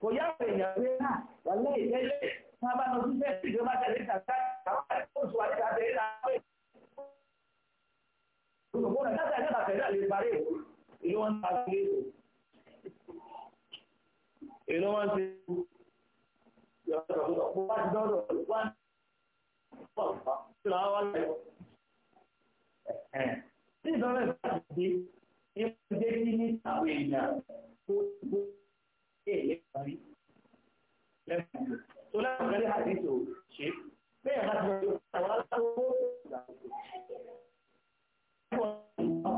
kò yá àwọn èèyàn pé náà ah, wà lẹ́yìn lẹ́lẹ́ wọn bá lọ síbẹ̀ ìjọba tẹ̀lé tàbí àwọn àìsàn wà nípa tẹ̀lé tàbí olùkọ́ náà dáadáa nípa tẹ̀lé àlè parí ìlú wọn ta sí ètò ìlú wọn ti yọ̀ọ̀dọ̀ wá ti dọ́dọ̀ wá ní ọ̀pọ̀ tí wọ́n wá lẹ́yìn ní ìdánwò ìgbà tí ìdí ìdí ní àwọn èèyàn tó gbogbo èèlé parí lẹ́fún tó lẹ́fún lẹ́lẹ́ àdìsò ṣe bẹ́ẹ̀ bá ti wọ́n àwọn aláwọ̀ Bẹ́ẹ̀ni sọ́nà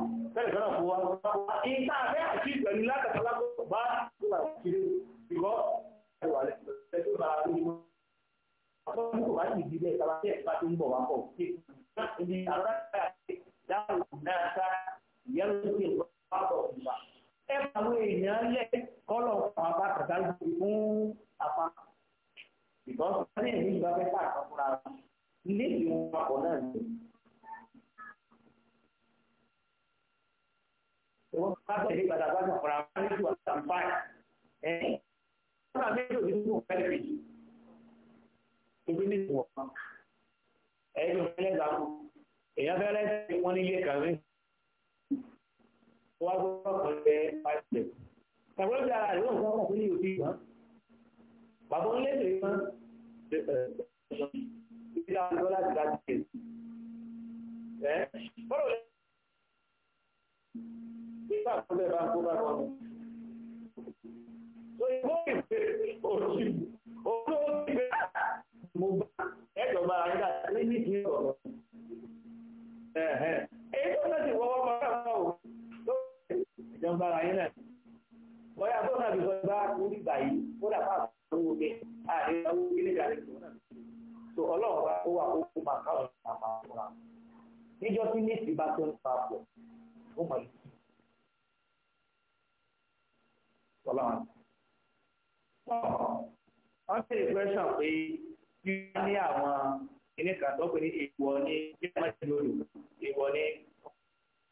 fún wa, ìta abẹ́ àti ìgbẹ̀lú látàkọ́ lápò bá wà kiri ìgbọ́ ẹwà lẹ́sẹ̀ tó bá rí mọ́. Àwọn oníkò bá ti ìdílé ìtàbá tí ẹ̀ka tó ń bọ̀ wá pọ̀ sí. Ibi àwọn ará ìdáhùn náà sá ìyẹn ló ń pè wọ́n pọ̀ ìgbà ẹ àwọn èèyàn lẹ̀ kọ́lọ̀ fún apá kàtà lórí fún apá ìbọ̀sùn sẹ́yìn ní ìgbà fẹ́ fà kan fúnra ilé ìwọ̀n papọ̀ náà ni. wọ́n bá tẹ̀lé gbàdá gbàdá fúnra wọn ní two thousand five ẹ̀ wọ́n náà méjì òbí tó fẹ́ fi ebi ní ìwọ̀n kan ẹ̀yìn fẹ́lẹ́ gbàgbọ́ èèyàn fẹ́lẹ́ sí wọn nílé kàwé wọ́n á gbọ́ pẹ̀lẹ́ five step. Ṣàgbọ́n ti ara rẹ̀ wọ́n sọ́kọ̀ fún yóò fi wọ́n. Bàbá ńlẹ́ lè wọ́n ṣe ìdí àwọn ọ̀dọ́ láti dá sí èsì. Ẹ bọ́dọ̀ lẹ́ nígbà tó bẹ́ẹ̀ bá kó bá kọ́ mi. Sọ ìbò ìpè òjì òjò ìgbé mo bá ẹ̀jọ̀ bá ara nígbà tí ní ìdí ọ̀rọ̀. Èyí tó ń tẹ̀sí wọ́wọ́ máa ń bá òun ìjọba ayé náà wọ́n yà bọ́ náà bí wọ́n bá orí ìgbà yìí ó dà bá àtúnwò pé ààrẹ ìyàwó ilé ìdàrí tó náà tó ọlọ́run bá ó wà ó kó máa káwọn ìgbà máa fún wa níjọ́ tí méjì bá tó ń pa pọ̀ ó mọ̀ lùkì ọlọ́run. wọ́n ṣe ìpẹ́sàn pé bí wọ́n ní àwọn ilé kan tó pè ní ìwọ ní bí wọ́n ti lò lò ìwọ ní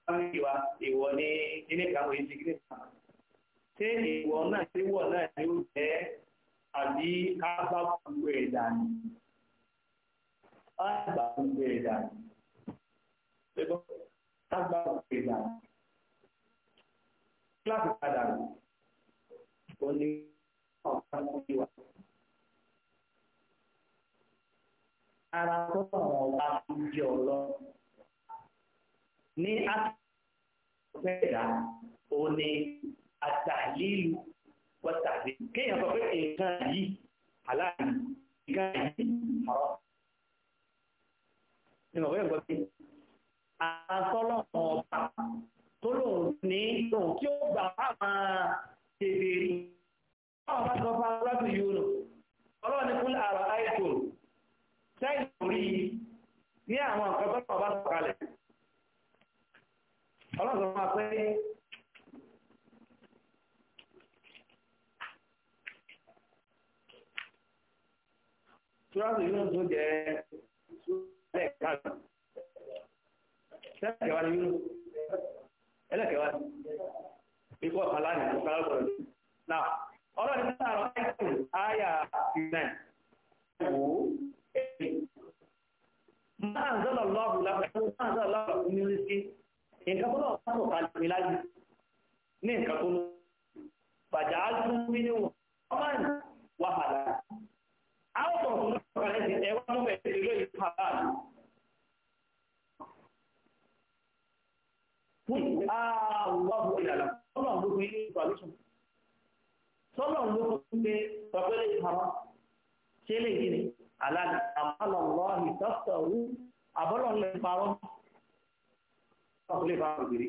fámìlì wa ìwọ ní ilé ìkàwé ti kí nìkan ṣé ìwọ náà ṣé wọ náà ni ó jẹ́ àbí ká bá gbogbo ẹ̀ dànù á gbà gbogbo ẹ̀ dànù á gbà gbogbo ẹ̀ dànù kíláàsì padà rẹ̀ ó ní ọ̀gá fámìlì wa. ara tó àwọn ọba tó jẹ́ ọlọ́run ní àtàkùnfẹ́dà ó ní àtàlílù pọ̀tàbí kéèyàn sọ pé nǹkan yìí aláàbí nǹkan yìí ọ̀rọ̀ ni mọ̀ pé nǹkan bí àtọ́lọ́mọ ọba tó lòun ní lòun tí ó gbà máa tètè rí ọlọ́run bá sọ fún aláàbí yìí nù ọlọ́run ní kúlẹ̀ àrọ̀ àìsàn sẹ́yìn orí ní àwọn nǹkan tó lọ́wọ́ bá sọ̀kalẹ̀ ọlọ́run máa pé túrọ́sì yóò tó jẹ́ ẹlẹ́kẹ̀wá ni yóò ẹlẹ́kẹ̀wá ikú ọ̀kan láàrin ọ̀kan lọ́gbọ̀n náà ọlọ́run ní àrọ̀ ẹ̀kùn àyà ìrìnà máa ń lápẹ́ nǹkan tó náà sọ̀rọ̀ kalẹ̀ mi lájú ní nǹkan tó ló bàjá ájú bí ní wọn máa ń wà padà àwọn tó ń sọ̀rọ̀ kalẹ̀ sí ẹwà tó bẹ̀rẹ̀ sí lóyè padà fún àwọn ṣé lè yí ni aláàbí àmọ́ àlọ́ wọ́n ìtọ́sọ̀rú àbọ́lọ́ ń parọ́ ọkùnrin ìfà òbírí.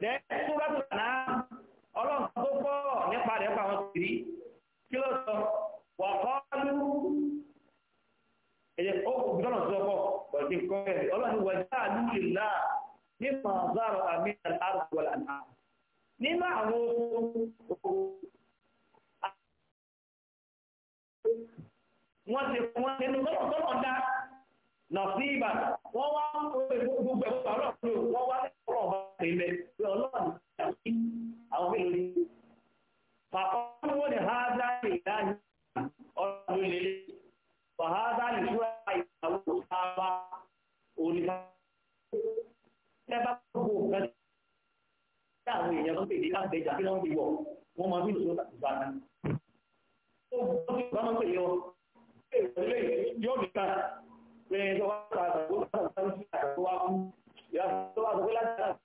Dẹ́ Súrọ́tù náà ọlọ́run tó pọ̀ nípa rẹ̀ pa àwọn òbírí. Kí ló sọ? ẹ̀yẹ pé mẹ́ ọlọ́run ti àwọn mélòó ni. Pàpọ̀ wọn ni Háàdá lè dáhùn ọ̀rọ̀ lè lè. Fàhádá lè ṣúra ìyàwó sábà òrìṣà. Ṣé bá gbogbo nǹkan tí àwọn èèyàn tó pèdé láti ẹja kí wọ́n ti wọ̀ wọ́n máa nílò tó bá ní. Ó gbọ́dọ̀ tí ìbámu pè yọ. Ṣé ìwọlé yóò nìkan? Bẹ́ẹ̀ni, ọwọ́ àgbà tó wà kú. Ìyá tó wà sọ láti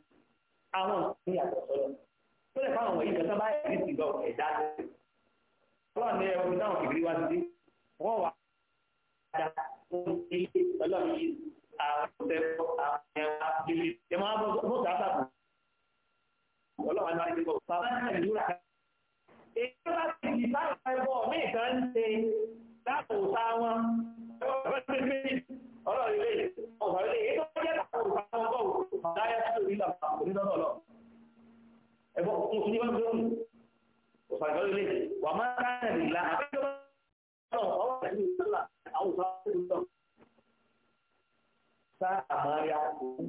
àwọn ìpín yàtọ̀ sọ́dọ̀ tó lè fáwọn wọ̀nyí kan sábà ẹ̀rí sí lọ ẹ̀dá ọlọ́run ní ẹkùn táwọn kìkìrí wá sí wọ́n wà á dá fún ilé ọlọ́run yìí àwọn ọ̀sẹ̀kọ̀ àwọn ẹ̀wà ìlú ẹ̀ máa bọ́ bó ta sàbò ọlọ́run náà ti bọ̀ bàbá náà ìlú rà èyí bá ti di sáà ẹ̀bọ̀ mí kan ń ṣe láàbò sáà wọn ọ̀rọ̀ ọlọ́run ilé yìí ọ̀sán ilé yìí tó jẹ́ àwọn olùkọ́ ọgọ́rùn-ún láyé tó rí làbà onídọ́dọ̀ lọ. ẹ̀bọ̀ mùsùlùmí bá ń gbé òun ọ̀sán ìgbà ilé wà máa ń rán ẹ̀rì ìlà àbẹ́jọ́ ọwọ́ ẹ̀rí ìlà àwọn òṣà olùkọ́ sá àmàlẹ́ àkókò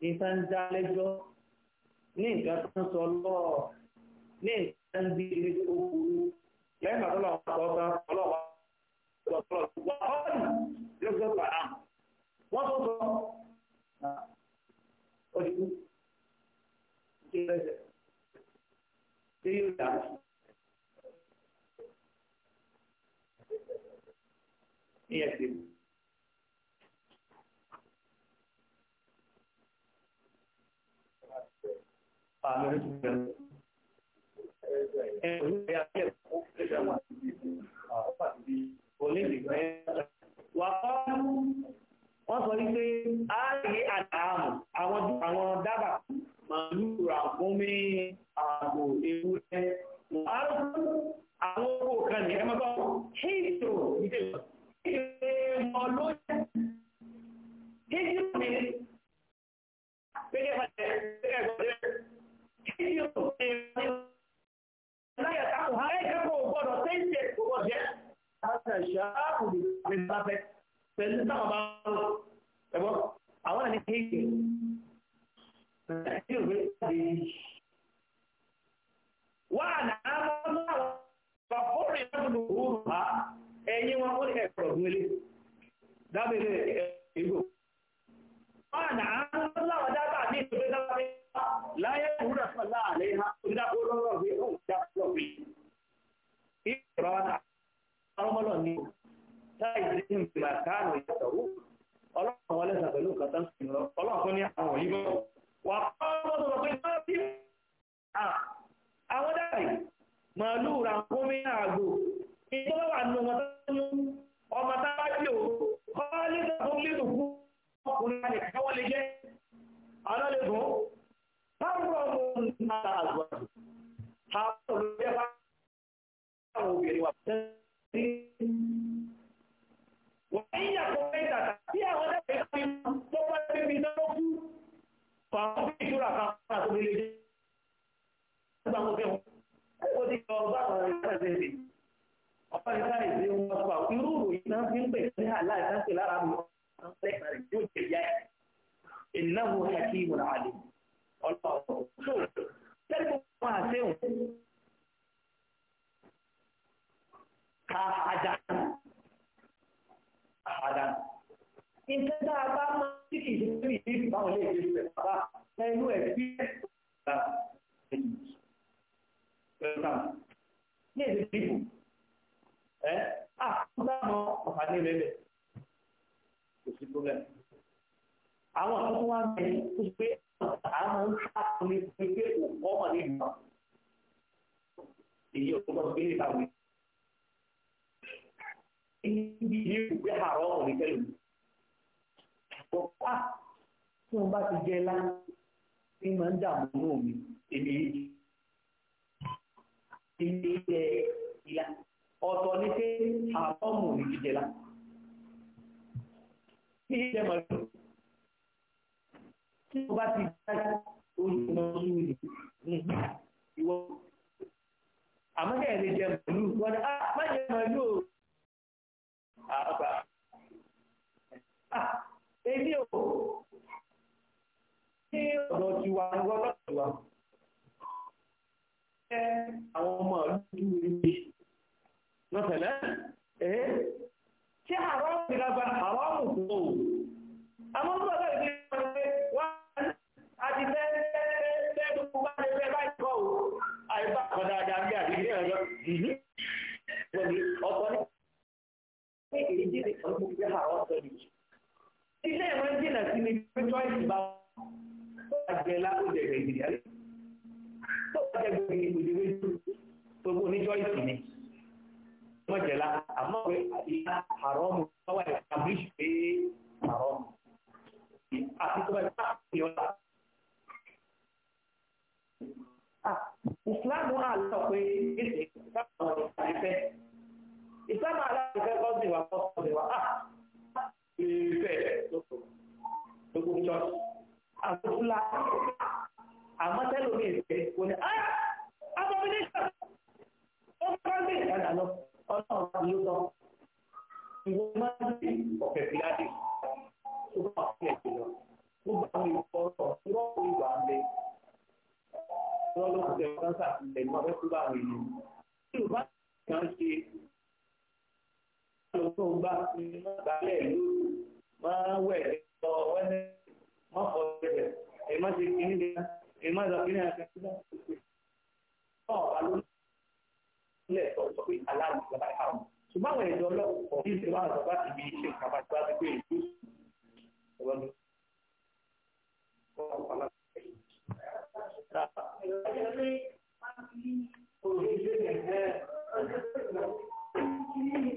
ní sáńdá lẹ́jọ́ ní nǹkan tó ń sọ lọ́ọ̀ ní nǹkan bí ilé tó burú lẹ́yìn àtọ́lọ́ yóò sọ wọ́n tó sọ ó ti kú kí ló yóò dà ìyẹn ti mú wàkọ́lù wọ́n sọ wípé ààyè àdáàmù àwọn àwọn dábà màálù ràkúnmí ààbò ewúrẹ́ màálù àwọn owó kan ní ẹmọ bá hìtò ìdè ìmọ̀ ló jẹ́ hìtò ní pẹ́kẹ́ pàtẹ́ pẹ́kẹ́ gbọ́dẹ́ hìtò ní láyàtà kò hàn ẹ́kẹ́kọ̀ọ́ gbọ́dọ̀ tẹ́ǹtẹ̀ gbọ́dọ̀ jẹ́ àtàṣàbùdù àfẹ́fẹ́ pẹ̀lú táwọn bá ń lò ẹ̀bọ́ àwọn àní kéèké ẹ̀yìn òwe ṣàdé yìí. wà á nà á mọ́ láwọn ọ̀pọ̀rọ̀ ìyàwó òwúrò bá ẹ̀yìn wọn ó ní ẹ̀kọ́ gbélé dábìlẹ̀ ẹ̀gbọ́. wà á nà á mọ́ láwọn dábàá láyé ìwúrẹ̀ fún láàlẹ́ ha lọ́rọ̀ gbé ó ń dábò lọ́rọ̀ gbé. ìṣòro ọmọlọ ni táì sí ìgbà káàmù ìyàtọ̀wò ọlọ́run wọlé sàn pẹ̀lú nǹkan tán sìn lọ ọlọ́run tó ní àwọn yìí bọ́ wà á kọ́ sọ̀rọ̀ pé máa bí àwọn dáì màálù ra gómi àgbò ìjọba wà nù wọn tó mú ọmọ tá a bá jẹ òun kọ́ lẹ́sà tó lé nù fún ọkùnrin àti káwọn lè jẹ́ alálẹ́gùn táwọn ọmọ nǹkan àgbà àwọn olùjẹ́ àwọn obìnrin wà pẹ́ẹ́. wàhíyà kò fẹ́ ìtàkà tí àwọn ẹgbẹ́ ìgbà mi tó wá wọn كأحدا أحدا إن كذا أبا ما تيجي تقولي في بعض الأشياء أبا لا ينوي في تمام ليه تجيبه إيه آه تمام وخليه ليه كسي problem àwọn kan tó wá ń bẹ tó ṣe pé àwọn ń ṣàkóso pé òkú ọmọ nígbà èyí ò gbọ́dọ̀ gbé níta wí níbi yìí pé àárọ̀ ọ̀rẹ́ tẹ́lẹ̀ ọ̀pá tí wọ́n bá ti jẹ́ lá ní máa ń dààmú náà mi èmi yìí èmi jẹ ìlà ọ̀tọ̀ ni pé àárọ̀ ọ̀rẹ́ mi jíjẹ lá kí jẹ́ màlúù tí wọ́n bá ti jẹ́ lá oṣù náà sùn ní ìwọ àmọ́ kẹ́hìn lè jẹ màlúù wọ́n á má jẹ màlúù. àgbà èmi ò ní ọ̀dọ̀ tiwa ní wọ́lọ́ tiwa ẹ àwọn ọmọ ìlú ìlú lọ́sẹ̀lẹ̀ ẹ̀ tí àwọn ọmọ ìlàgbà àwọn ọmọ òkú àwọn ọmọ ìlú ìlú wọ́n á ti fẹ́ lẹ́gbẹ̀ẹ́ bá lè kọ́ ò ọ̀dà ọ̀dọ́ pé èyí jìnnà kan ló gbé àwọn sọ nìyí. Ilé ẹ̀rọ jìnnà sí ni pẹ́tọ́ ìgbà tó àjẹ lákòjẹ Nàìjíríà Tó àjẹ gbogbo ìgbò ìdíwé tó gbogbo oníjọ́ ìsìn ni. Wọ́n jẹ la àmọ́ pé àyíká àrọ́mù lọ́wọ́ ìtàbílíṣì pé àrọ́mù. Àti tó bá yẹ ká fi ọ̀la. Ìsìláàmù àlọ́ ìsábà aláìfẹ́ kọ́sìn wà kọ́sìn wà á ah! ìfẹ́ gbogbo ìjọ àtúntúlá àmọ́ tẹ́lómi ìfẹ́ kò ní á ah! abomination ó kọ́ ní ìdáná lọ ọlọ́run ló lọ ìwọ máa ń di ọ̀fẹ́ fìládì tó bá wà fún ẹ̀jẹ̀ lọ gbogbo àwọn ìwọ ọ̀rọ̀ ìwọ òwe wà ń bẹ lọ́lọ́kùnrin ọ̀sán sàtìlẹ̀ ní ọ̀fẹ́ tó bá àwọn ènìyàn tí ò bá kàn ṣe lọ tó ń bá ní àgbálẹ̀ ìlú máa wẹ̀ lọ wẹ́lẹ̀ má fọ ẹ̀rẹ̀ ẹ̀ má ṣe kíní lẹ́yìn ẹ̀ má ṣe kíní àti ẹ̀rọ náà wà ló lẹ̀ sọ sọ pé aláàbò ìjọba ìka wọn ṣùgbọ́n àwọn ẹ̀jọ́ lọ́pọ̀ bí ìṣẹ̀lẹ̀ máa sọ̀rọ̀ láti ibi iṣẹ́ ìkàwé àti láti gbé ìlú ọ̀rọ̀ ni. Thank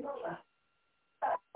you.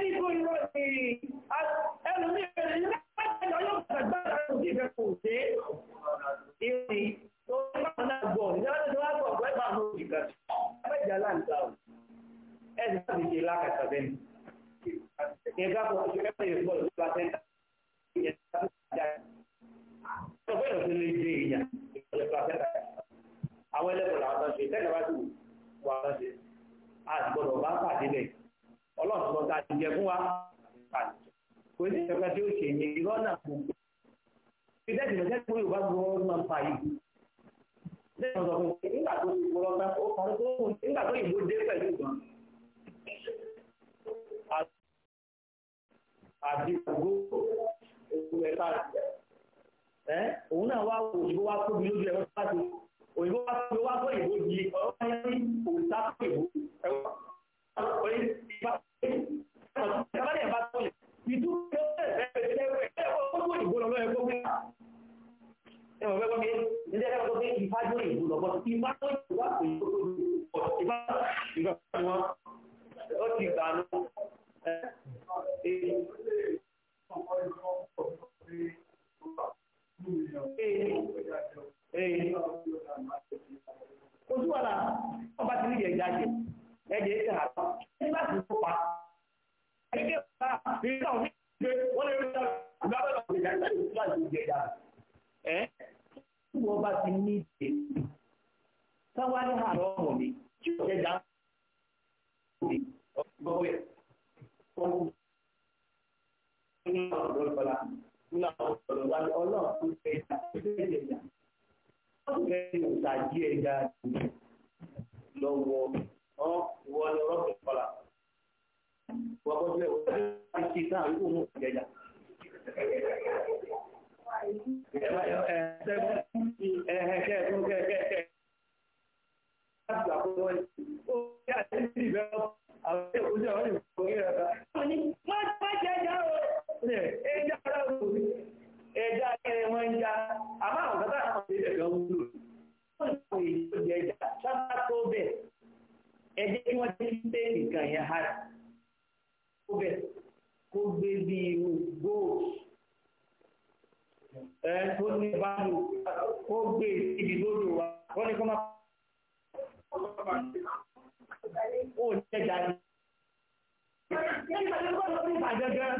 ẹni tó ń lọ bá lò ó gbé ìdí lódò wa wọ́n ní kọ́ máa ó ní ẹja ní. Nígbà tí wọ́n lọ sí ìbàjẹ́ gan-an.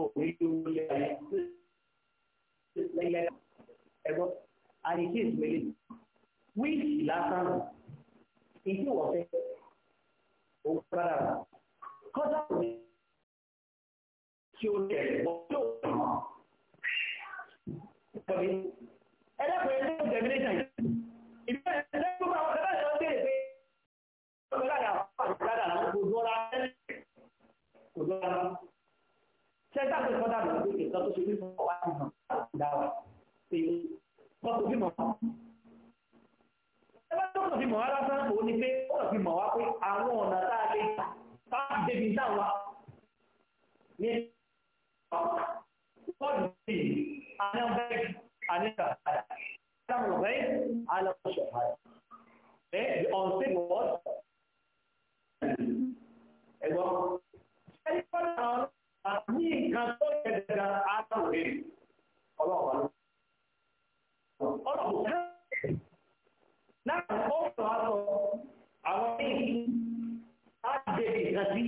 òpin owó lẹ́yìn lẹ́yìn ẹ̀gbọ́n àyíké ìsúmẹ́lẹ̀ wíìlì lásán ìdí ìwọ̀fẹ́ òun rárá kọ́tà òní tí ó lẹ̀ bọ́ tí ó mọ̀ ẹ̀dẹ́kùnrin tó ń tẹ̀mí níjà yìí ìbílẹ̀ ẹ̀dẹ́kùnrin tó ń tẹ̀mí níjà yìí ọ̀gbẹ́lá àwọn àgbàdà àwọn kò dọ́ra kò dọ́ra sẹ́ńtà tó kọ́ dàbí ìgbé ìgbà tó ṣe bí mo wà ní hàn láti dá wa ṣe kọ́ tó bí mọ̀ wá. ẹ bá tó kọ̀ fi mọ̀ wá lásán òun ni pé ó kọ̀ fi mọ̀ wá pé àwọn ọ̀nà tá a lè gbà bá débi dá wa ní ọ̀dùn sí anábẹ́ anígbàpadà alámọ̀gbẹ́ alámọ̀ṣọ̀padà. ẹ̀ the unsafe word ẹ̀gbọ́n ẹ̀yìn àbí nǹkan tó yẹ dada àtàwé ọlọ́wọ́ ọlọ́wọ́ ká náà ó sọ àtọ àwọn ẹ̀yìn á dé nǹkan sí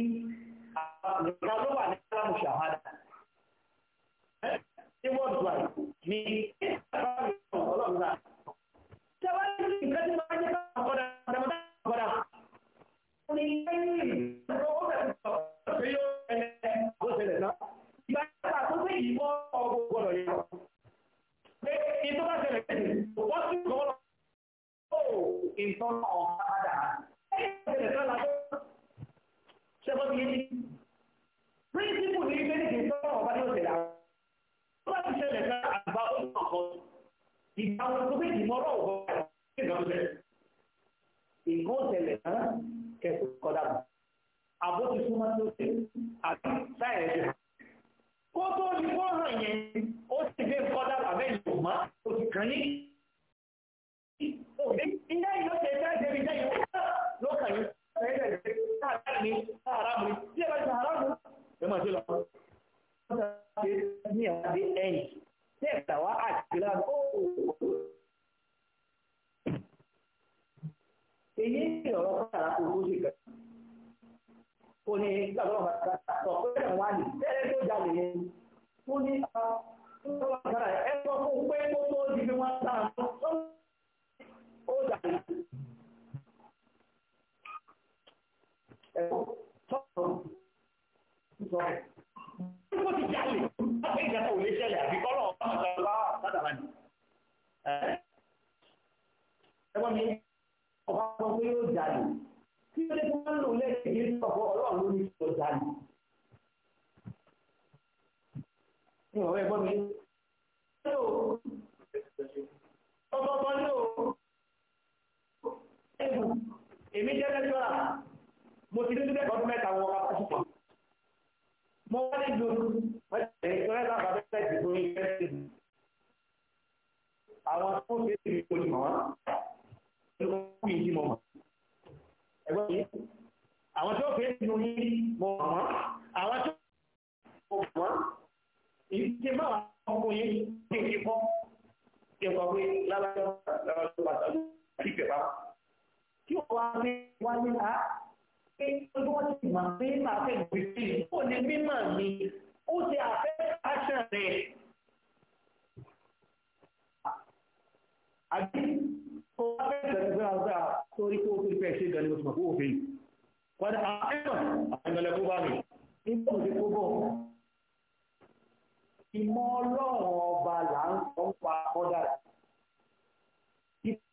àgbà ló wà ní sáàmù ṣàhádà ní wọ́ọ̀dù wà ní ọlọ́wọ́ náà tẹ́wọ́ ní nǹkan tí wọ́n á jẹ́ ká kọ́dà dáadáa kọ́dà ó ní ẹ̀yìn ó bẹ̀rẹ̀ sọ̀rọ̀ pé yóò. 哦，他讲。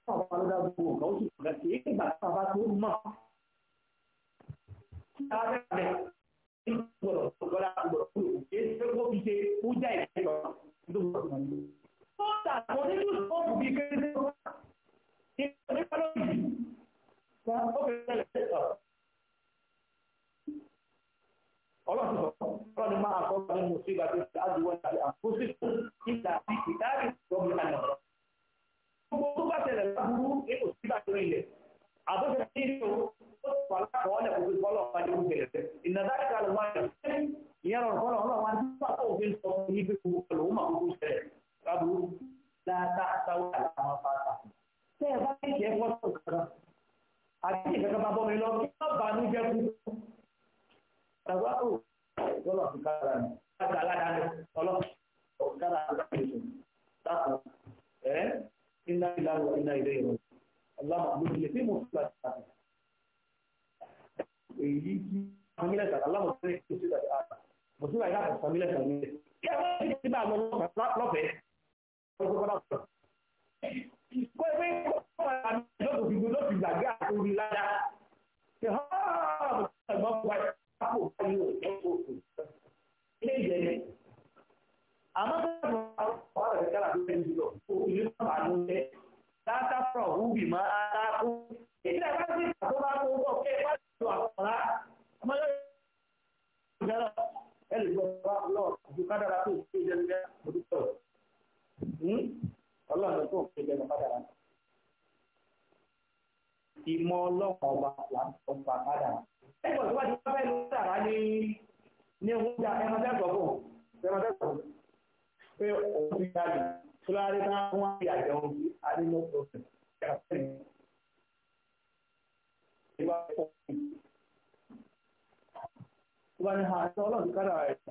bàbá ló dágbò nǹkan ó sì gbà sí ìgbà tí bàbá tó mọ̀ tí a rẹ̀ rẹ̀ ní gbọ́dọ̀ gbọ́dọ̀ gbọ́dọ̀ kúrò kí é ṣe kó fi ṣe ó já ìgbẹ́jọ tó gbọ́dọ̀ mọ̀ ní. ó dà tó nínú ìṣòwò bíi kéré tó wà ní onípa lóyìí ká ó fi tẹ̀lé sọ̀rọ̀. ọlọ́run sọ̀rọ̀ ni máa kọ́ ọ́ nínú sí ìgbà tó ti á gbogbo tó bá tẹ̀lẹ̀ lábúrú ní kò sí ìdájọ́ ilẹ̀ àbọ̀sẹ̀ ní ìlú ó wà láàkọọ́lẹ̀ kò fi bọ́lọ̀ wájú ó bẹ̀rẹ̀ bẹ̀ ìnàdájọ́ kalẹ̀ wá ìyẹn rọrùn bọ́lọ̀ ọlọ́ wá nípa tó fi ń sọ ní bí kò lò ó mà kó ṣẹlẹ̀ lábúrú dáadáa àtàwọn àlàmọ́ iná ìlà wà iná ilé ìrọ̀ ọlọ́mọ ló lè fi mú fún àtàkà èyí tí famílẹ̀ tàbí aláwọ̀ tó lè tó sí tàbí àtà mo tún láyé àtàkà famílẹ̀ tàbí ilé kí a bá ti ti bá a lọ lọ́fẹ̀ẹ́ ọjọ́ kọ́dà tó kọ́ ẹgbẹ́ kọ́ ọ̀la mi lọ́dọ̀ fi gbọ́dọ̀ fi gbàgbé àkórí ládàá ṣe hàn án àbùkù ẹ̀gbọ́n fún wa kápò báyìí ò àmọ́ tó ń bá wà rẹ̀ kára tó ń jùlọ òkùnrin náà bá ló jẹ́ dáta pọ̀ húbì mọ́ ara kú ìdílé bá sì kà tó bá tó ń bọ̀ kí ẹ bá ti lo àkọ́lá ọmọ yóò jẹ́ lọ ẹ lè gbọ́ bá lọ ju kádàrà tó ń jẹ́ jẹ́ òdúkọ̀ ọlọ́run tó ń pè jẹ́ ìmọ̀ ọlọ́run ọba là ń sọ pa kádàrà ẹgbẹ́ wá bẹ́ẹ̀ ló dára ní ní oúnjẹ ẹmọdé pé òun ti jáde fúlárí bá wọn fi àjẹun sí adínú ọ̀sẹ̀ kàfẹ́ ní ìgbà pọ̀ sí. ìgbà ni àwọn àti ọlọ́run kára rẹ̀.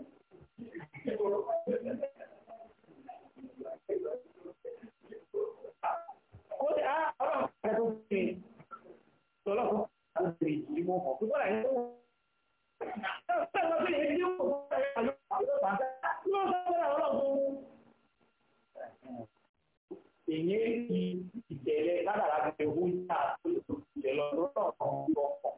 ó ti á ọlọ́run kára tó fi tọ́lọ́kùn àwọn èrè ìdìbò mọ̀ pípọ́n àyẹ̀wò. ẹ̀rọ pẹ̀lú ọdún yìí ní ìdíwọ̀ ọ̀gá ẹ̀ka ló ń bá ọlọ́pàá kí wọ́n sábẹ́rẹ́ àwọn ọlọ́gbọ́n èyí ìbẹ̀rẹ̀ ládàrá bẹ̀rẹ̀ owó yá àti ìbẹ̀rẹ̀ lọ́dọ̀ kan lọ́kàn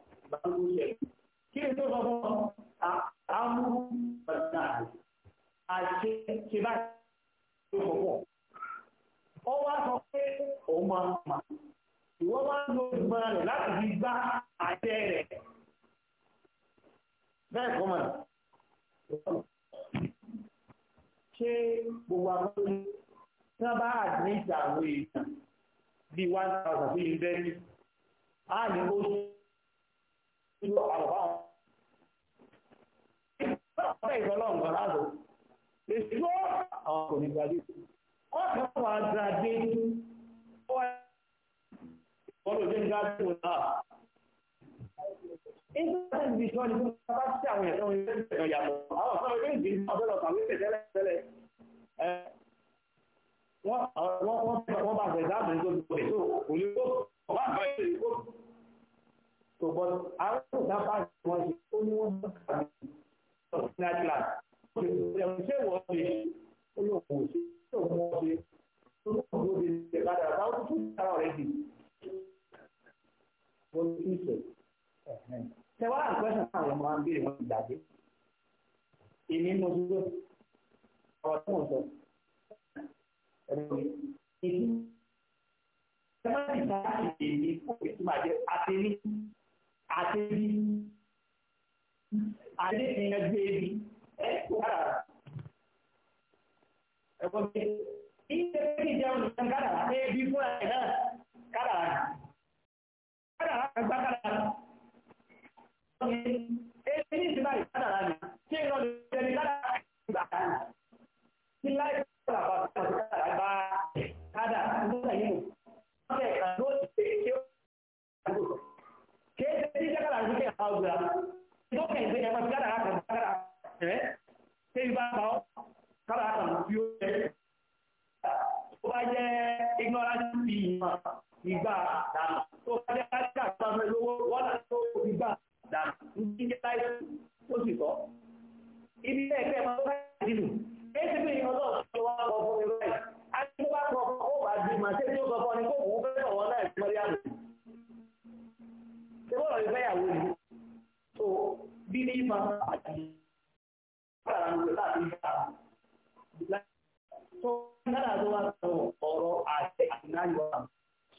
ní wà sọ ọ̀rọ̀ àti àtìláyò wà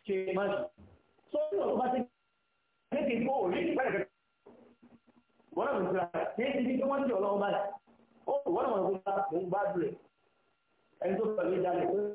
ṣe má jù sọ́dọ̀ ọ̀rọ̀ bá ti ní ti kó òní ìpẹ́rẹ̀ kẹ́kẹ́ wọ́n náà nìkúra ní ti ní kí wọ́n ti ọlọ́wọ́ báyìí ó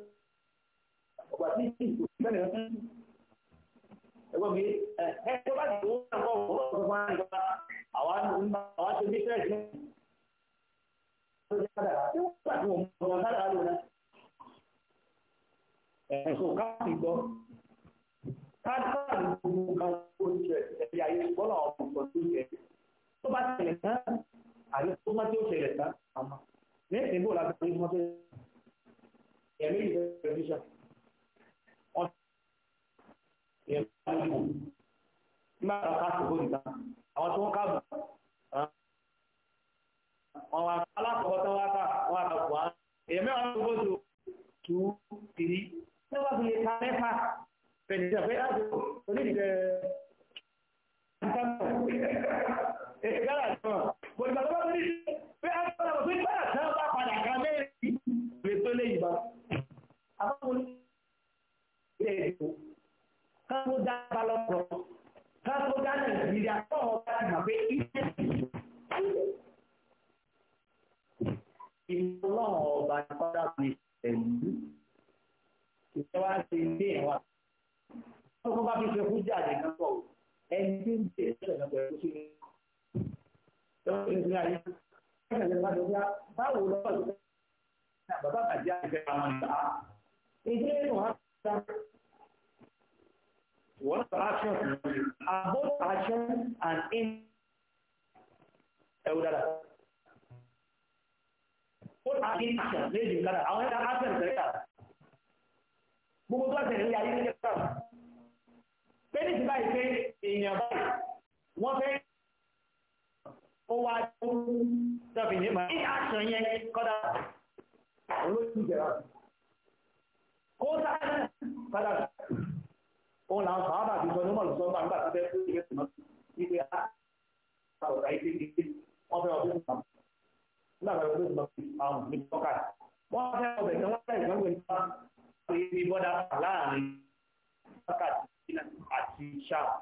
àti ṣáà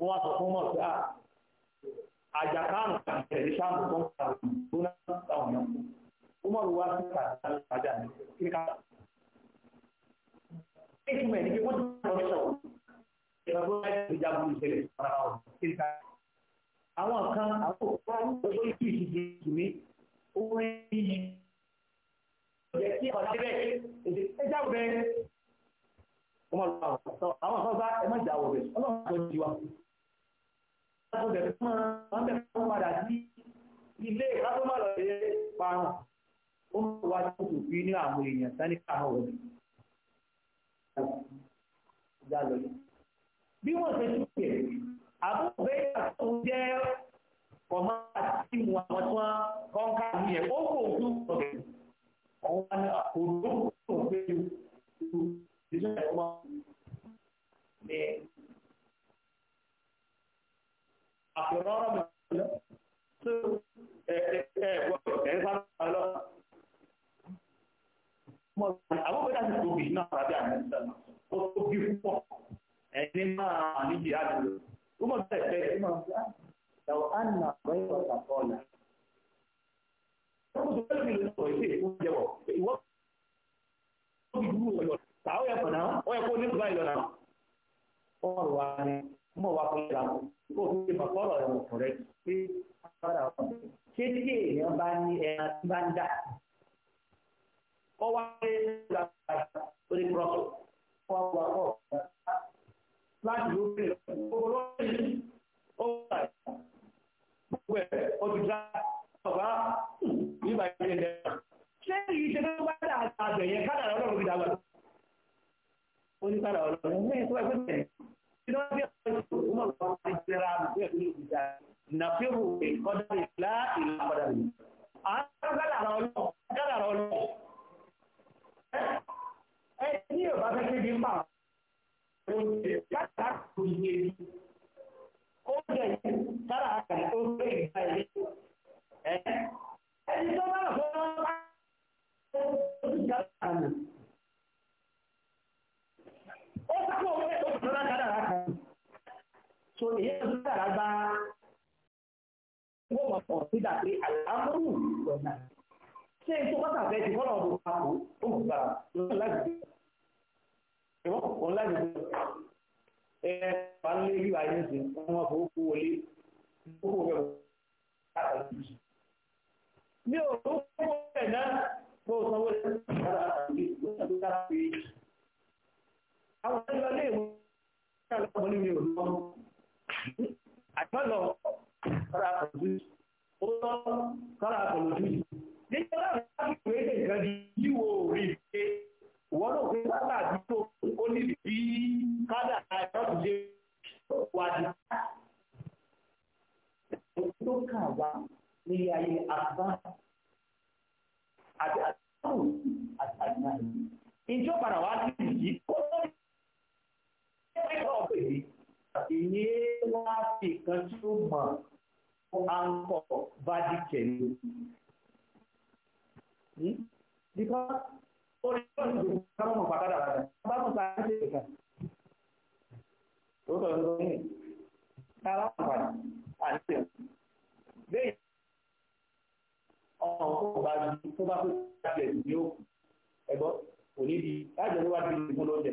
ó wá sọ fún mọ̀ sí ah, àjàkárùn àtẹ̀lé ṣáà tó ń ta òyìnbó náà táwọn yàn ó mọ̀ wá sí àjà kíríkà. Ìtumọ̀ ẹ̀ ní pé wọ́n ti sọ̀rọ̀ sọ̀rọ̀ ìrọ̀bọ̀ láti jábọ̀ ìṣẹ̀lẹ̀ ara ọ̀ kíríkà. Àwọn kan àwọn òkúrọ̀ ọjọ́ ìlú ìṣèjì ìṣùmí ó rí iye. Ìjẹ́ kí ọ̀dà bẹ́ẹ̀ ẹ̀jẹ̀ ẹ̀jẹ̀ ọmọ lọ àwọn àwọn bá ẹ má jà wọ bẹ ọlọ́run tó di wa. láti bẹ̀rẹ̀ fún wọn bẹ̀rẹ̀ fún padà sí ilé láti má lọ lè parun ó máa wá tó kù bí ní àwọn èèyàn sani káwọn wọlé. bí wọ́n ṣe tún yẹ àbúrò bẹ́ẹ̀ tó jẹ́ ọmọ àti ìmú àwọn tí wọ́n kọ́ńkà nìyẹn ó kò ojú ọ̀rẹ́ ọ̀hún ni àkòrò ó kò ojú Dizem que uma. A pior hora. É, é, é, é, àwọn bẹ́ẹ̀ láti tóbi náà tàbí àmẹ́sà ó tóbi púpọ̀ ẹni máa níbi àdúgbò ó mọ̀ sí ẹ̀fẹ́ tí máa ń gbá ìyàwó àná àgbáyé ọ̀tà bọ́ọ̀lù. ó kò tó fẹ́ẹ́ fi lè sọ èdè ìfowópamọ́ ìwọ́n tóbi dúró ọ̀yọ́ sàá ọ̀yẹ̀ pẹ̀lú ó yẹ kó ní ìgbà ìlọ́nà ọ̀rọ̀ wa ni mo wà fún ìlà kó fi ṣe mọ̀kọ́rọ̀ ẹ̀ wọ̀ rẹ̀ pé padà wọ̀ ṣé tí èèyàn bá ní ẹran tí bá ń dà ọ wá pé ìgbà orí kúrọ́sọ̀ ọ wá wà pọ̀ láti ló bẹ̀rẹ̀ gbogbo lọ́sẹ̀ ó wà gbogbo ẹ̀ ó ti dá ọ̀gá nígbà hmm, ìṣẹ̀lẹ̀ ṣé ìṣẹ̀lẹ̀ bá dà àgbẹ̀yẹ kádàrà ọlọ́run fi dàgbà tó oníkàlà ọlọ́run ní ìtura ẹgbẹ́ bẹ̀rẹ̀ tí wọ́n bí ọ̀rọ̀ ìṣòro mọ̀ lọ́wọ́ ti jẹra àbúkẹ́ ìlú ìjà nàfẹ́rù ìkọ́dà ìlà ìlà àpàdà rẹ̀. àkàkàlà ọlọ́run kàkàlà ọlọ́run ẹ ní ìrọ̀bá fẹ́ kébi mbà oúnjẹ kàkà kò yé mi oúnjẹ yìí kàrà àkàlà oúnjẹ ìgbà yìí ẹ ẹni tó bá lọ fún ọ ó so èyí tó dára bá wọ́n mọ̀ pọ̀ sídà àlámọ́rù lọ́nà ṣé ètò pátàfẹ́ ti fọ́nà ọdún papò ó kù lọ́nà láti gbé ìwọ́n kò láti gbé ẹ wà lé bí wàá yín sí wọn wọn fowó kú wọlé owó bẹ̀rẹ̀ wọ́n mi ò tó kó bẹ̀rẹ̀ náà kó sanwó lẹ́yìn ìgbà tó dára pé àwọn ọmọ ilé ìwé ní àlọ́mọ ní mi ò lọ àgbọ̀lọ̀ kọ́ra pẹ̀lú ó lọ kọ́ra pẹ̀lú jù nígbà láti láti pé nǹkan di yíwo rí pé wọ́n ló pé kádà dúró ó ní bí kádà àjọ́tìlé wà ní. Ètò kà wá nílé ayé àbá àti àtúntò àti àdínà. Ìjọba náà wá sí ìdí kó lórí ẹ̀kọ́ pè é èyí wá sí kan tí ó mọ̀ fún ankọ̀ bá di kẹ̀lú. Nípa orí ọ̀rọ̀ ìdòwò káwọn mọ̀ pàtàkì àràdà, bá mọ̀ sáà ń ṣe ìkà. Ó sọ̀rọ̀ lórí ẹ̀. Kára mọ̀ pàtàkì àti ẹ̀. Bẹ́ẹ̀ ọ̀rọ̀ tó bá di tó bá tó ṣàbẹ̀ ní ó ẹ̀gbọ́n kò ní di láti ọjọ́ wá di ìgbóná oúnjẹ.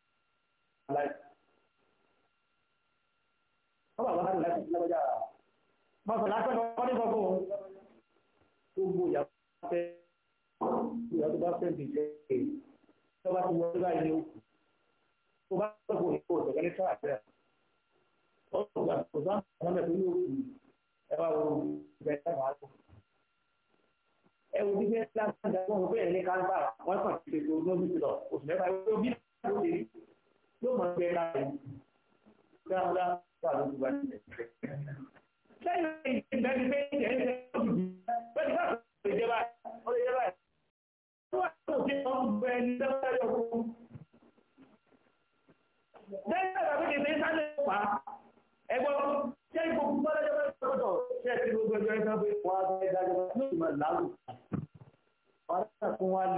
láì. wọ́n bá wọn láti láti ìdílé ọjà rà wọ́n sọ láti ọ̀dọ̀ ọdún gbogbo gbogbo ìyàwó fẹ́ ìyàwó tó bá fẹ́ bí ṣe é tó bá ti wọlé báyìí ní òkú tó bá gbogbo ìyàwó ìdọ̀gẹ́ ní sáà bẹ́ẹ̀ ọ̀sùn gbà tó bá wọn bẹ̀ tó ní òkú ẹ bá wo ìgbẹ́ ẹ̀ máa tó ẹwù gbígbé láti ṣàjàgbọ́n òun ní kánbà wọ́n kàn ti ṣètò lóbi lọ oṣù mẹ́fà ìwé omi náà lè rí yóò mọ̀ pé ká rẹ̀ dáadáa wà lóṣù wá nílẹ̀. lẹ́yìn ìgbẹ́ ìgbẹ́ ìgbẹ́ ìgbẹ́ ìgbẹ́ ìgbẹ́ ìgbẹ́ ìgbẹ́ ìjọba ìjọba ìjọba tó ṣe ọkùn bẹ ní dáadáa yọ fún. lẹ́yìn ìgbà tó ṣe ṣe sálẹ̀ pa ẹgbọ́n ṣé ìgbòkú bọ́lá jọba ṣe ti gbogbo ẹjọ́ ìjọba wà á fẹ́ dájọba yóò mọ̀ láwùjọ. wàá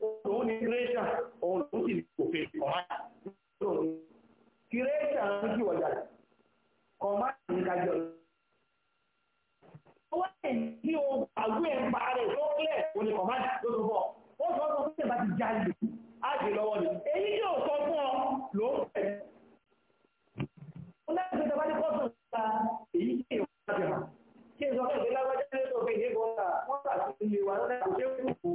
òun ni kírẹ́ṣà òun lòun sì òfin kọ̀máà kírẹ́ṣà ń jù ọjà kọ̀máà ní kájọ ọwọ́ ẹ̀ ní o àgbé ẹ̀ ń pa rẹ̀ tó kílẹ̀ òun ni kọ̀máà ló tó bọ̀ ó sọ sọ fún ìbá ti jáde ágbè lọ́wọ́ ni èyí yóò sọ fún ọ ló ń pẹ̀ ó láti fi tọ́ba ní kọ́sùn ta èyí kí èèyàn bá jẹ̀ hàn kí èèyàn sọ fún ìgbéláwájú lẹ́tọ̀ọ́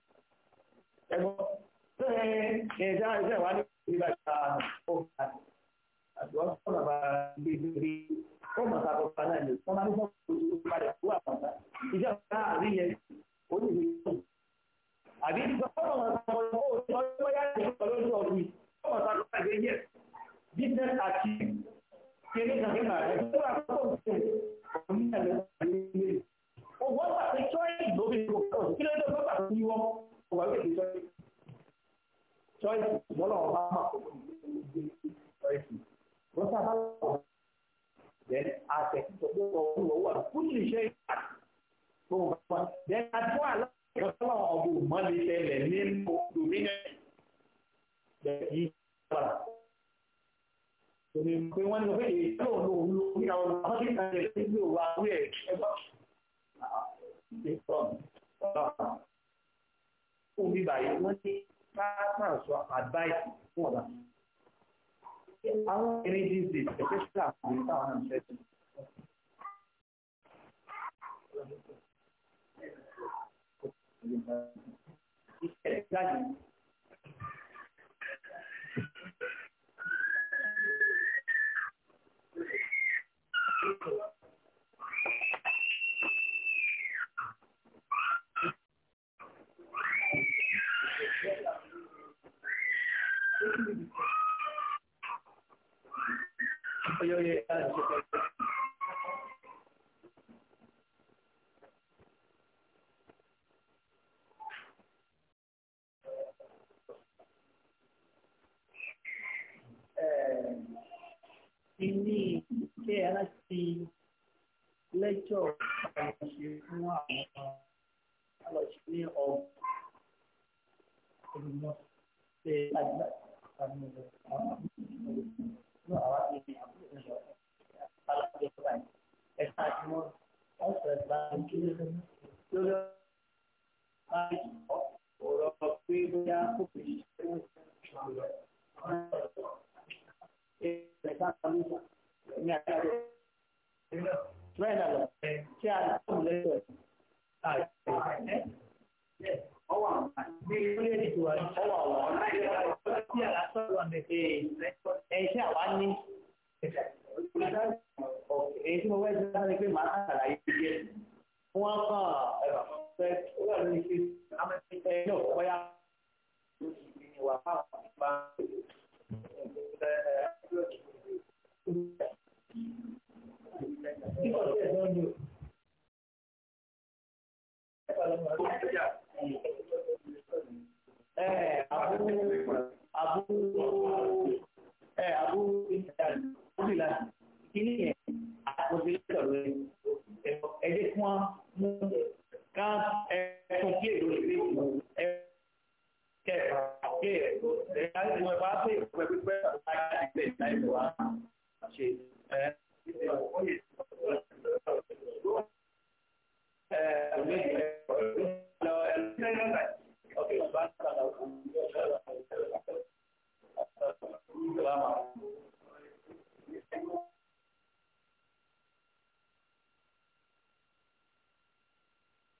ẹ̀gbọ́n tó ẹ ẹ̀ṣẹ́ àìsàn wà ní ìgbà ìgbà ọ̀gá àti wọ́n sọ bàbá gbègbè ó mọ̀ sábà bàbá náà lè wọ́n máa ń fọ́n ojú padà tó wà bàbá iṣẹ́ ọ̀gá àrí yẹn ó lè rí ọ̀gá àbí ìgbà ọ̀gá wọn sọ ọ̀gá òṣìṣẹ́ ọ̀gá yàtọ̀ ìgbà lójú ọ̀gbìn ọ̀gá sábà bàbá yẹn business àti kéré kàkínà ẹ̀gbọ́n ọba yóò ṣe sọ́ọ̀tì bọ́lá ọba máa kó sọ́ọ̀tì wọ́n sábà wọ́n then àtẹ̀kùtọ̀ tó wọ́n wọ́n wọ́n wà kó sì ìgbà tó wọ́n wá then àtúwọ̀ aláìkọ́sọ́lá ọ̀bùn mọ́lẹ̀ tẹ̀lẹ̀ nínú dominion yìí pé wọ́n lọ pé èyí tó lò ó ní àwọn amọ́síkà rẹ̀ nílò wa wí ẹ̀ ẹgbọ́n fún mi báyìí wọ́n ní káàkiri sọ advice fún ọ̀dà. àwọn ẹni dín sí especially àwọn ìta àwọn àmì sẹ́sìn. Thank you. Oye, oye, Ilé ilé aláti lẹ́jọ́ àìṣe fún àwọn alọ̀ṣẹ́ ní ọgbọ̀n olùmọ̀ ṣe àgbàdo. Bueno, sí, a la mujer, a Èyí tí àwa ní èyí tí mo fẹ́ ṣe sáré pé màá ṣàlàyé díẹ̀. Wọ́n kàn fẹ́ ó wà lórí ṣe ẹni ọ̀pọ̀ bóyá wà fáwọn ìgbà Thank you abu abu abu intan abila kini yẹn àkọsílẹ̀ sọ̀rọ̀ ẹ̀jẹ̀ kí wọ́n mú ká ẹ̀sùn kí èdè òṣèré ìlú ẹ̀ kẹfà kí ẹ̀ láti wọ́n bá pè pẹ́ pípẹ́ Thank you.